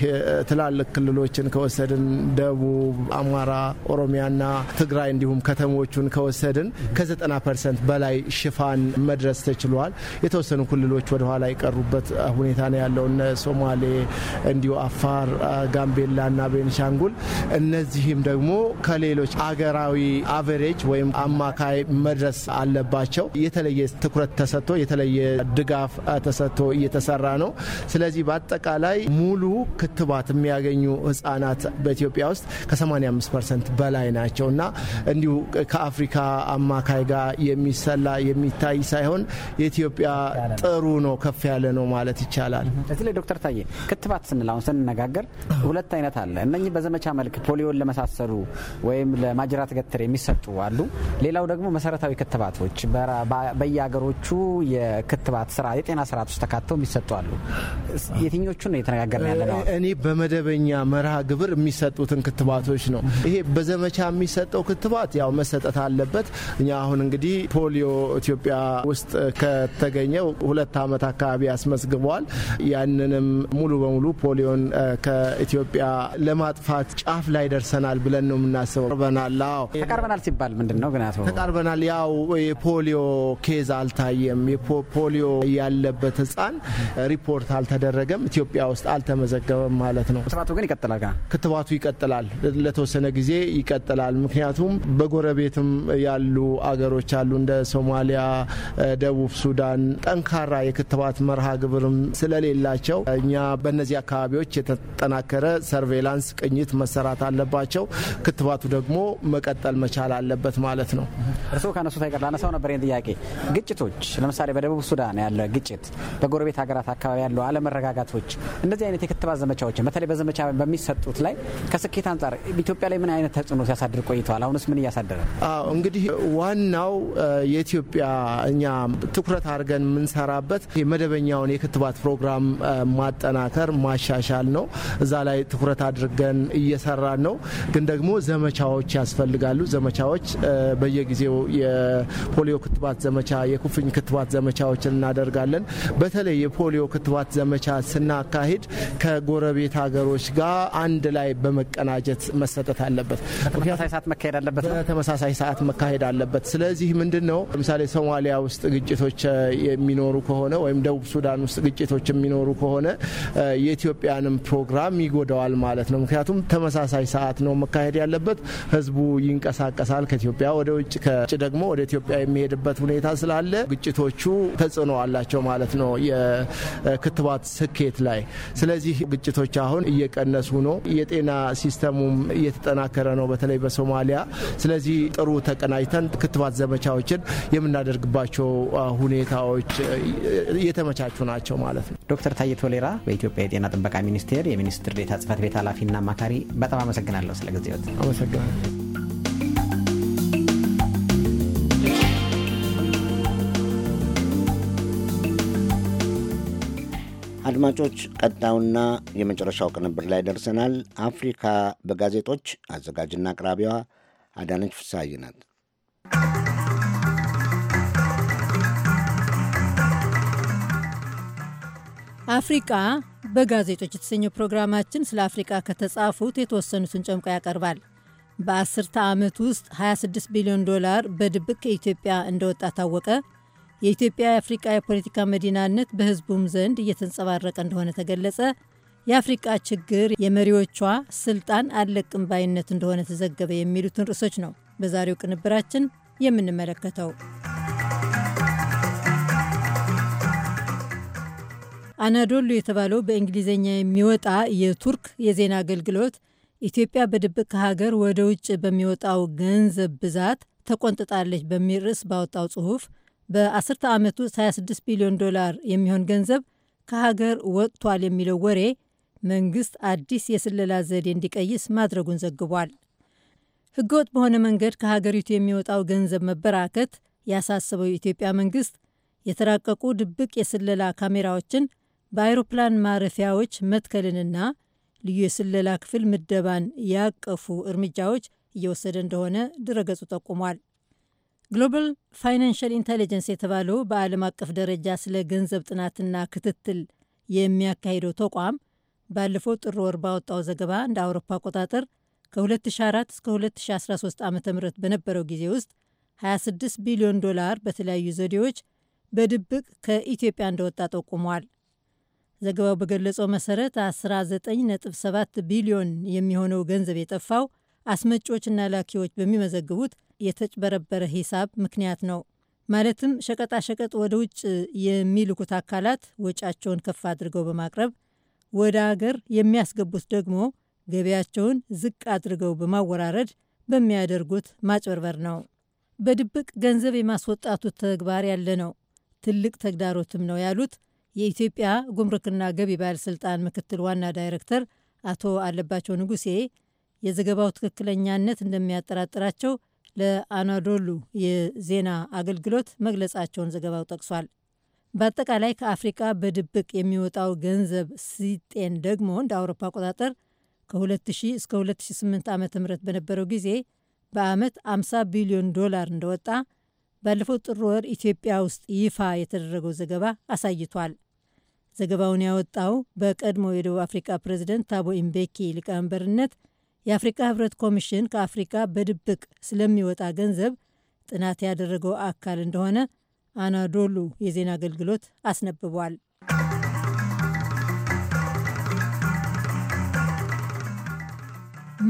ትላልቅ ክልሎችን ከወሰድን ደቡብ፣ አማራ፣ ኦሮሚያና ትግራይ እንዲሁም ከተሞቹን ከወሰድን ከ90 ፐርሰንት በላይ ሽፋን መድረስ ተችሏል። የተወሰኑ ክልሎች ወደኋላ የቀሩበት ሁኔታ ነው ያለው እነ ሶማሌ፣ እንዲሁ አፋር፣ ጋምቤላና ቤንሻንጉል እነዚህም ደግሞ ከሌሎች አገራዊ አቨሬጅ ወይም አማካይ መድረስ አለባቸው። የተለየ ትኩረት ተሰጥቶ የተለየ ድጋፍ ተሰጥቶ እየተሰራ ነው። ስለዚህ በአጠቃላይ ሙሉ ክትባት የሚያገኙ ህጻናት በኢትዮጵያ ውስጥ ከ85 ፐርሰንት በላይ ናቸው እና እንዲሁ ከአፍሪካ አማካይ ጋር የሚሰላ የሚታይ ሳይሆን የኢትዮጵያ ጥሩ ነው፣ ከፍ ያለ ነው ማለት ይቻላል። እዚህ ላይ ዶክተር ታዬ ክትባት ስንል አሁን ስንነጋገር ሁለት አይነት አለ። እነኚህ በዘመቻ መልክ ፖሊዮን ለመሳሰሉ ወይም ለማጅራት ገትር የሚሰጡ አሉ። ሌላው ደግሞ መሰረታዊ ክትባቶች በየሀገሮቹ የክትባት ስራ የጤና ስርዓት ውስጥ ተካተው የሚሰጡ አሉ። ነው እየተነጋገርን ያለ ነው? እኔ በመደበኛ መርሃ ግብር የሚሰጡትን ክትባቶች ነው። ይሄ በዘመቻ የሚሰጠው ክትባት ያው መሰጠት አለበት። እኛ አሁን እንግዲህ ፖሊዮ ኢትዮጵያ ውስጥ ከተገኘው ሁለት ዓመት አካባቢ አስመዝግበዋል። ያንንም ሙሉ በሙሉ ፖሊዮን ከኢትዮጵያ ለማጥፋት ጫፍ ላይ ደርሰናል ብለን ነው የምናስበው። ተቃርበናል ሲባል ምንድን ነው ግን ተቃርበናል። ያው የፖሊዮ ኬዝ አልታየም። ፖሊዮ ያለበት ህጻን ሪፖርት አልተደረገም፣ ኢትዮጵያ ውስጥ አልተመዘገበም ማለት ነው። ክትባቱ ግን ይቀጥላል። ክትባቱ ይቀጥላል፣ ለተወሰነ ጊዜ ይቀጥላል። ምክንያቱም በጎረቤትም ያሉ አገሮች አሉ እንደ ሶማሊያ፣ ደቡብ ሱዳን ጠንካራ የክትባት መርሃ ግብርም ስለሌላቸው እኛ በእነዚህ አካባቢዎች የተጠናከረ ሰርቬላንስ ቅኝት መሰራት አለባቸው። ክትባቱ ደግሞ መቀጠል መቻል አለበት ማለት ነው። እርስዎ ከነሱ ታይቀር ላነሳው ነበር ይህን ጥያቄ ግጭቶች ለምሳሌ በደቡብ ሱዳን ያለ ግጭት፣ በጎረቤት ሀገራት አካባቢ ያሉ አለመረጋጋቶች፣ እንደዚህ አይነት የክትባት ዘመቻዎችን በተለይ በዘመቻ በሚሰጡት ላይ ከስኬት አንጻር ኢትዮጵያ ላይ ምን አይነት ተጽዕኖ ሲያሳድር ቆይተዋል? አሁንስ ምን እያሳደረ? እንግዲህ ዋናው የኢትዮጵያ እኛ ትኩረት አድርገን የምንሰራበት የመደበኛውን የክትባት ፕሮግራም ማጠናከር ማሻሻል ነው። እዛ ላይ ትኩረት አድርገን እየሰራን ነው። ግን ደግሞ ዘመቻዎች ያስፈልጋሉ። ዘመቻዎች በየጊዜው የፖሊዮ ክትባት ዘመቻ፣ የኩፍኝ ክትባት ዘመቻ ዘመቻዎችን እናደርጋለን። በተለይ የፖሊዮ ክትባት ዘመቻ ስናካሂድ ከጎረቤት ሀገሮች ጋር አንድ ላይ በመቀናጀት መሰጠት አለበት። በተመሳሳይ ሰዓት መካሄድ አለበት። ስለዚህ ምንድን ነው ለምሳሌ ሶማሊያ ውስጥ ግጭቶች የሚኖሩ ከሆነ ወይም ደቡብ ሱዳን ውስጥ ግጭቶች የሚኖሩ ከሆነ የኢትዮጵያንም ፕሮግራም ይጎዳዋል ማለት ነው። ምክንያቱም ተመሳሳይ ሰዓት ነው መካሄድ ያለበት። ህዝቡ ይንቀሳቀሳል ከኢትዮጵያ ወደ ውጭ፣ ከውጭ ደግሞ ወደ ኢትዮጵያ የሚሄድበት ሁኔታ ስላለ ግጭቶቹ ተጽዕኖ አላቸው ማለት ነው የክትባት ስኬት ላይ። ስለዚህ ግጭቶች አሁን እየቀነሱ ነው። የጤና ሲስተሙም እየተጠናከረ ነው፣ በተለይ በሶማሊያ። ስለዚህ ጥሩ ተቀናጅተን ክትባት ዘመቻዎችን የምናደርግባቸው ሁኔታዎች እየተመቻቹ ናቸው ማለት ነው። ዶክተር ታዬ ቶሌራ በኢትዮጵያ የጤና ጥበቃ ሚኒስቴር የሚኒስትር ዴታ ጽህፈት ቤት ኃላፊና አማካሪ፣ በጣም አመሰግናለሁ ስለ ጊዜዎት። አመሰግናለሁ። አድማጮች፣ ቀጣዩና የመጨረሻው ቅንብር ላይ ደርሰናል። አፍሪካ በጋዜጦች አዘጋጅና አቅራቢዋ አዳነች ፍሳሐይ ናት። አፍሪቃ በጋዜጦች የተሰኘው ፕሮግራማችን ስለ አፍሪቃ ከተጻፉት የተወሰኑትን ጨምቆ ያቀርባል። በአስርተ ዓመት ውስጥ 26 ቢሊዮን ዶላር በድብቅ ከኢትዮጵያ እንደወጣ ታወቀ። የኢትዮጵያ የአፍሪቃ የፖለቲካ መዲናነት በህዝቡም ዘንድ እየተንጸባረቀ እንደሆነ ተገለጸ። የአፍሪቃ ችግር የመሪዎቿ ስልጣን አለቅም ባይነት እንደሆነ ተዘገበ። የሚሉትን ርዕሶች ነው በዛሬው ቅንብራችን የምንመለከተው። አናዶሉ የተባለው በእንግሊዝኛ የሚወጣ የቱርክ የዜና አገልግሎት ኢትዮጵያ በድብቅ ከሀገር ወደ ውጭ በሚወጣው ገንዘብ ብዛት ተቆንጥጣለች በሚል ርዕስ ባወጣው ጽሑፍ በአስርተ ዓመት ውስጥ 26 ቢሊዮን ዶላር የሚሆን ገንዘብ ከሀገር ወጥቷል የሚለው ወሬ መንግስት አዲስ የስለላ ዘዴ እንዲቀይስ ማድረጉን ዘግቧል። ህገወጥ በሆነ መንገድ ከሀገሪቱ የሚወጣው ገንዘብ መበራከት ያሳሰበው የኢትዮጵያ መንግስት የተራቀቁ ድብቅ የስለላ ካሜራዎችን በአይሮፕላን ማረፊያዎች መትከልንና ልዩ የስለላ ክፍል ምደባን ያቀፉ እርምጃዎች እየወሰደ እንደሆነ ድረገጹ ጠቁሟል። ግሎባል ፋይናንሽል ኢንቴሊጀንስ የተባለው በዓለም አቀፍ ደረጃ ስለ ገንዘብ ጥናትና ክትትል የሚያካሂደው ተቋም ባለፈው ጥር ወር ባወጣው ዘገባ እንደ አውሮፓ አቆጣጠር ከ2004 እስከ 2013 ዓ ም በነበረው ጊዜ ውስጥ 26 ቢሊዮን ዶላር በተለያዩ ዘዴዎች በድብቅ ከኢትዮጵያ እንደወጣ ጠቁሟል። ዘገባው በገለጸው መሰረት 19.7 ቢሊዮን የሚሆነው ገንዘብ የጠፋው አስመጪዎችና ላኪዎች በሚመዘግቡት የተጭበረበረ ሂሳብ ምክንያት ነው። ማለትም ሸቀጣሸቀጥ ወደ ውጭ የሚልኩት አካላት ወጪያቸውን ከፍ አድርገው በማቅረብ ወደ አገር የሚያስገቡት ደግሞ ገቢያቸውን ዝቅ አድርገው በማወራረድ በሚያደርጉት ማጭበርበር ነው። በድብቅ ገንዘብ የማስወጣቱ ተግባር ያለ ነው፣ ትልቅ ተግዳሮትም ነው ያሉት የኢትዮጵያ ጉምሩክና ገቢ ባለሥልጣን ምክትል ዋና ዳይሬክተር አቶ አለባቸው ንጉሴ የዘገባው ትክክለኛነት እንደሚያጠራጥራቸው ለአናዶሉ የዜና አገልግሎት መግለጻቸውን ዘገባው ጠቅሷል። በአጠቃላይ ከአፍሪቃ በድብቅ የሚወጣው ገንዘብ ሲጤን ደግሞ እንደ አውሮፓ አቆጣጠር ከ2000 እስከ 2008 ዓ ም በነበረው ጊዜ በአመት 50 ቢሊዮን ዶላር እንደወጣ ባለፈው ጥር ወር ኢትዮጵያ ውስጥ ይፋ የተደረገው ዘገባ አሳይቷል። ዘገባውን ያወጣው በቀድሞ የደቡብ አፍሪካ ፕሬዚደንት ታቦ ኢምቤኪ ሊቀመንበርነት የአፍሪካ ህብረት ኮሚሽን ከአፍሪካ በድብቅ ስለሚወጣ ገንዘብ ጥናት ያደረገው አካል እንደሆነ አናዶሉ የዜና አገልግሎት አስነብቧል።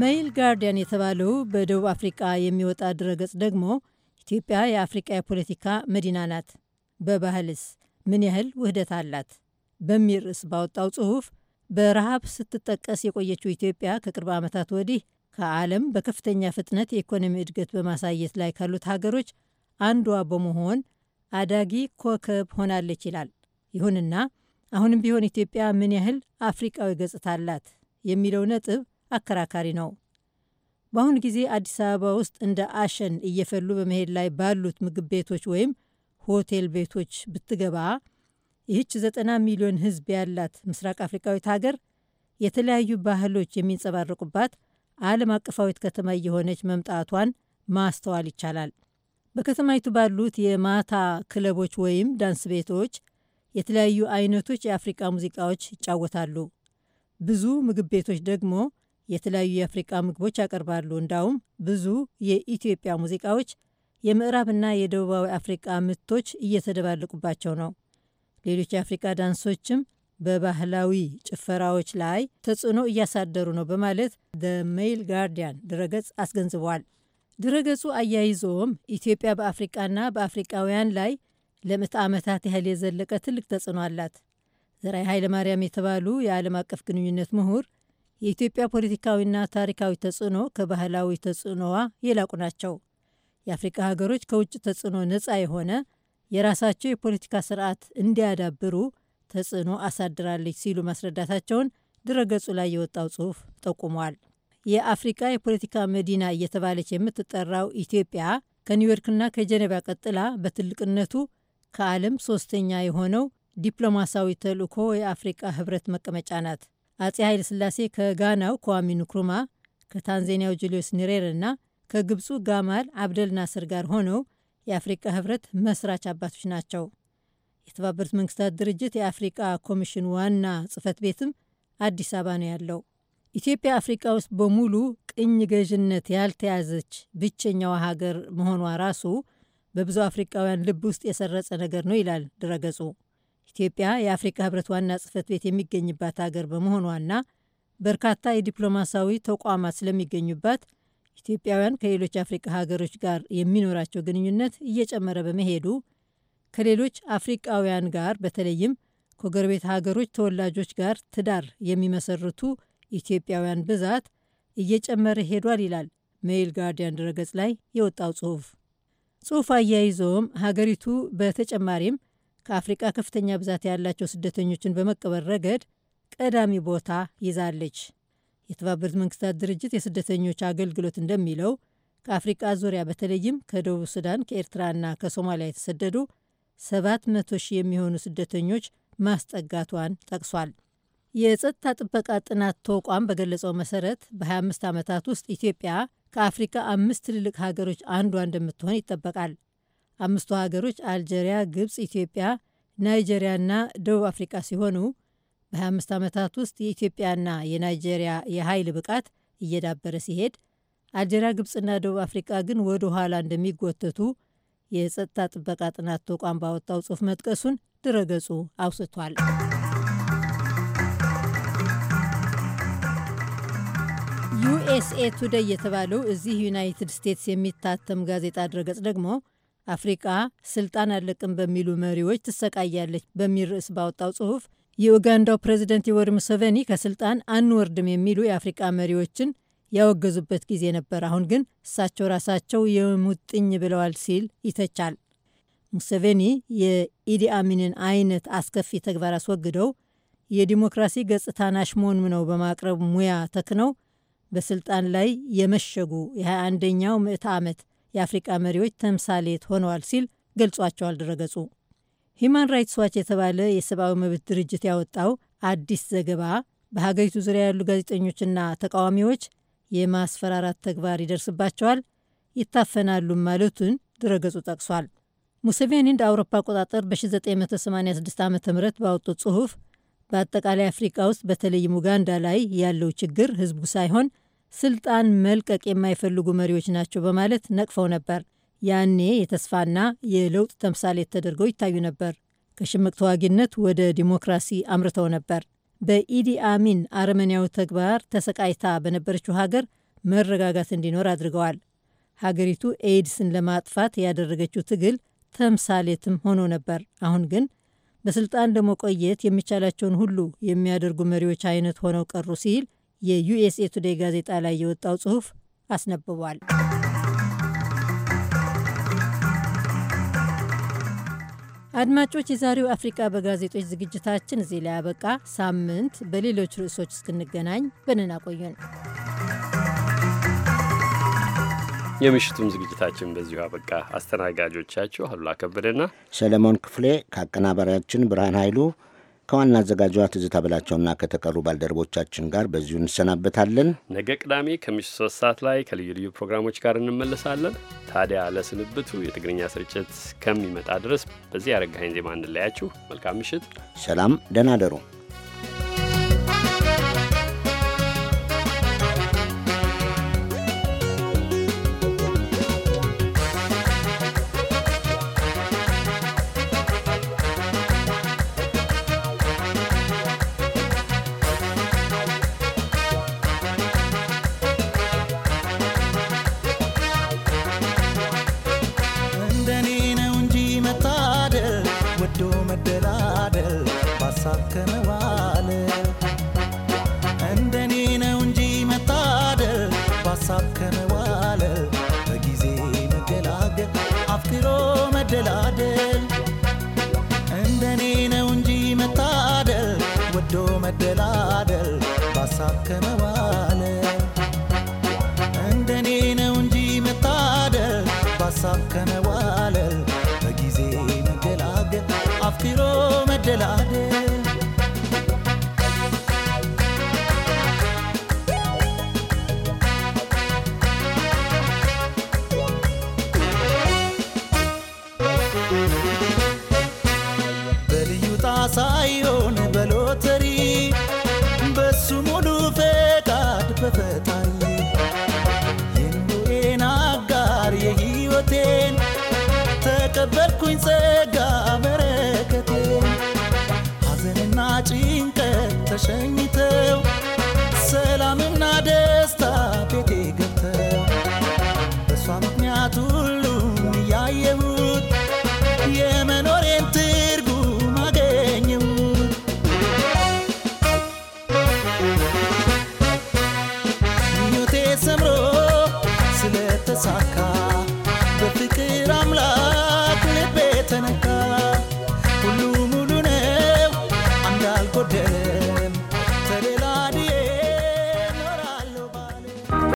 ሜይል ጋርዲያን የተባለው በደቡብ አፍሪቃ የሚወጣ ድረገጽ ደግሞ ኢትዮጵያ የአፍሪቃ የፖለቲካ መዲና ናት፣ በባህልስ ምን ያህል ውህደት አላት በሚል ርዕስ ባወጣው ጽሑፍ በረሃብ ስትጠቀስ የቆየችው ኢትዮጵያ ከቅርብ ዓመታት ወዲህ ከዓለም በከፍተኛ ፍጥነት የኢኮኖሚ እድገት በማሳየት ላይ ካሉት ሀገሮች አንዷ በመሆን አዳጊ ኮከብ ሆናለች ይላል። ይሁንና አሁንም ቢሆን ኢትዮጵያ ምን ያህል አፍሪቃዊ ገጽታ አላት የሚለው ነጥብ አከራካሪ ነው። በአሁኑ ጊዜ አዲስ አበባ ውስጥ እንደ አሸን እየፈሉ በመሄድ ላይ ባሉት ምግብ ቤቶች ወይም ሆቴል ቤቶች ብትገባ ይህች ዘጠና ሚሊዮን ህዝብ ያላት ምስራቅ አፍሪካዊት ሀገር የተለያዩ ባህሎች የሚንጸባረቁባት ዓለም አቀፋዊት ከተማ እየሆነች መምጣቷን ማስተዋል ይቻላል። በከተማይቱ ባሉት የማታ ክለቦች ወይም ዳንስ ቤቶች የተለያዩ አይነቶች የአፍሪቃ ሙዚቃዎች ይጫወታሉ። ብዙ ምግብ ቤቶች ደግሞ የተለያዩ የአፍሪቃ ምግቦች ያቀርባሉ። እንዳውም ብዙ የኢትዮጵያ ሙዚቃዎች የምዕራብና የደቡባዊ አፍሪቃ ምቶች እየተደባለቁባቸው ነው። ሌሎች የአፍሪቃ ዳንሶችም በባህላዊ ጭፈራዎች ላይ ተጽዕኖ እያሳደሩ ነው በማለት በሜይል ጋርዲያን ድረገጽ አስገንዝቧል። ድረገጹ አያይዞም ኢትዮጵያ በአፍሪቃና በአፍሪቃውያን ላይ ለምዕተ ዓመታት ያህል የዘለቀ ትልቅ ተጽዕኖ አላት። ዘራይ ኃይለ ማርያም የተባሉ የዓለም አቀፍ ግንኙነት ምሁር የኢትዮጵያ ፖለቲካዊና ታሪካዊ ተጽዕኖ ከባህላዊ ተጽዕኖዋ የላቁ ናቸው። የአፍሪቃ ሀገሮች ከውጭ ተጽዕኖ ነፃ የሆነ የራሳቸው የፖለቲካ ስርዓት እንዲያዳብሩ ተጽዕኖ አሳድራለች ሲሉ ማስረዳታቸውን ድረገጹ ላይ የወጣው ጽሑፍ ጠቁሟል። የአፍሪካ የፖለቲካ መዲና እየተባለች የምትጠራው ኢትዮጵያ ከኒውዮርክና ከጀኔቫ ቀጥላ በትልቅነቱ ከዓለም ሶስተኛ የሆነው ዲፕሎማሲያዊ ተልእኮ የአፍሪቃ ህብረት መቀመጫ ናት። አጼ ኃይለ ስላሴ ከጋናው ከዋሚ ንኩሩማ፣ ከታንዛኒያው ጁልዮስ ኒሬር እና ከግብፁ ጋማል አብደል ናስር ጋር ሆነው የአፍሪቃ ህብረት መስራች አባቶች ናቸው። የተባበሩት መንግስታት ድርጅት የአፍሪቃ ኮሚሽን ዋና ጽህፈት ቤትም አዲስ አበባ ነው ያለው። ኢትዮጵያ አፍሪቃ ውስጥ በሙሉ ቅኝ ገዥነት ያልተያዘች ብቸኛዋ ሀገር መሆኗ ራሱ በብዙ አፍሪቃውያን ልብ ውስጥ የሰረጸ ነገር ነው ይላል ድረገጹ። ኢትዮጵያ የአፍሪካ ህብረት ዋና ጽህፈት ቤት የሚገኝባት ሀገር በመሆኗና በርካታ የዲፕሎማሲያዊ ተቋማት ስለሚገኙባት ኢትዮጵያውያን ከሌሎች አፍሪቃ ሀገሮች ጋር የሚኖራቸው ግንኙነት እየጨመረ በመሄዱ ከሌሎች አፍሪቃውያን ጋር በተለይም ከጎረቤት ሀገሮች ተወላጆች ጋር ትዳር የሚመሰርቱ ኢትዮጵያውያን ብዛት እየጨመረ ሄዷል ይላል ሜይል ጋርዲያን ድረገጽ ላይ የወጣው ጽሑፍ። ጽሑፍ አያይዘውም ሀገሪቱ በተጨማሪም ከአፍሪቃ ከፍተኛ ብዛት ያላቸው ስደተኞችን በመቀበል ረገድ ቀዳሚ ቦታ ይዛለች። የተባበሩት መንግስታት ድርጅት የስደተኞች አገልግሎት እንደሚለው ከአፍሪቃ ዙሪያ በተለይም ከደቡብ ሱዳን ከኤርትራና ከሶማሊያ የተሰደዱ 700 ሺህ የሚሆኑ ስደተኞች ማስጠጋቷን ጠቅሷል። የጸጥታ ጥበቃ ጥናት ተቋም በገለጸው መሰረት በ25 ዓመታት ውስጥ ኢትዮጵያ ከአፍሪካ አምስት ትልልቅ ሀገሮች አንዷ እንደምትሆን ይጠበቃል። አምስቱ ሀገሮች አልጀሪያ፣ ግብፅ፣ ኢትዮጵያ፣ ና ደቡብ አፍሪቃ ሲሆኑ በ25 ዓመታት ውስጥ የኢትዮጵያና የናይጄሪያ የኃይል ብቃት እየዳበረ ሲሄድ፣ አልጄሪያ፣ ግብጽና ደቡብ አፍሪቃ ግን ወደ ኋላ እንደሚጎተቱ የጸጥታ ጥበቃ ጥናት ተቋም ባወጣው ጽሑፍ መጥቀሱን ድረገጹ አውስቷል። ዩኤስኤ ቱዴይ የተባለው እዚህ ዩናይትድ ስቴትስ የሚታተም ጋዜጣ ድረገጽ ደግሞ አፍሪቃ ስልጣን አለቅም በሚሉ መሪዎች ትሰቃያለች በሚል ርዕስ ባወጣው ጽሑፍ የኡጋንዳው ፕሬዚደንት ዮወሪ ሙሴቬኒ ከስልጣን አንወርድም የሚሉ የአፍሪቃ መሪዎችን ያወገዙበት ጊዜ ነበር። አሁን ግን እሳቸው ራሳቸው የሙጥኝ ብለዋል ሲል ይተቻል። ሙሴቬኒ የኢዲ አሚንን አይነት አስከፊ ተግባር አስወግደው የዲሞክራሲ ገጽታን ነው በማቅረብ ሙያ ተክነው በስልጣን ላይ የመሸጉ የ21ኛው ምዕተ ዓመት የአፍሪቃ መሪዎች ተምሳሌት ሆነዋል ሲል ገልጿቸዋል ድረገጹ። ሂማን ራይትስ ዋች የተባለ የሰብአዊ መብት ድርጅት ያወጣው አዲስ ዘገባ በሀገሪቱ ዙሪያ ያሉ ጋዜጠኞችና ተቃዋሚዎች የማስፈራራት ተግባር ይደርስባቸዋል፣ ይታፈናሉ ማለቱን ድረገጹ ጠቅሷል። ሙሴቬኒ እንደ አውሮፓ አቆጣጠር በ1986 ዓ ም ባወጡ ጽሑፍ በአጠቃላይ አፍሪቃ ውስጥ በተለይም ኡጋንዳ ላይ ያለው ችግር ህዝቡ ሳይሆን ስልጣን መልቀቅ የማይፈልጉ መሪዎች ናቸው በማለት ነቅፈው ነበር። ያኔ የተስፋና የለውጥ ተምሳሌት ተደርገው ይታዩ ነበር። ከሽምቅ ተዋጊነት ወደ ዲሞክራሲ አምርተው ነበር። በኢዲ አሚን አረመኔያዊ ተግባር ተሰቃይታ በነበረችው ሀገር መረጋጋት እንዲኖር አድርገዋል። ሀገሪቱ ኤድስን ለማጥፋት ያደረገችው ትግል ተምሳሌትም ሆኖ ነበር። አሁን ግን በስልጣን ለመቆየት የሚቻላቸውን ሁሉ የሚያደርጉ መሪዎች አይነት ሆነው ቀሩ ሲል የዩኤስኤ ቱዴይ ጋዜጣ ላይ የወጣው ጽሑፍ አስነብቧል። አድማጮች፣ የዛሬው አፍሪቃ በጋዜጦች ዝግጅታችን እዚህ ላይ ያበቃ። ሳምንት በሌሎች ርዕሶች እስክንገናኝ በንና ቆዩን። የምሽቱም ዝግጅታችን በዚሁ አበቃ። አስተናጋጆቻችሁ አሉላ ከበደና ሰለሞን ክፍሌ ከአቀናባሪያችን ብርሃን ኃይሉ ከዋና አዘጋጇ ትዝታ ብላቸውና ከተቀሩ ባልደረቦቻችን ጋር በዚሁ እንሰናበታለን። ነገ ቅዳሜ ከምሽቱ ሶስት ሰዓት ላይ ከልዩ ልዩ ፕሮግራሞች ጋር እንመለሳለን። ታዲያ ለስንብቱ የትግርኛ ስርጭት ከሚመጣ ድረስ በዚህ አረጋኸኝ ዜማ እንለያችሁ። መልካም ምሽት፣ ሰላም፣ ደህና ደሩ። ያከነዋል። እንደኔ ነው እንጂ መታደል ባሳብ ከነዋል። በጊዜ መገላገል አፍቅሮ መደላደል እንደኔ ነው እንጂ መታደል ወዶ መደላደል ባሳብ ከነዋል። እንደኔ ነው እንጂ መታደል ባሳብ ከነዋል በጊዜ መገላገል አፍቅሮ መደላደል 声音。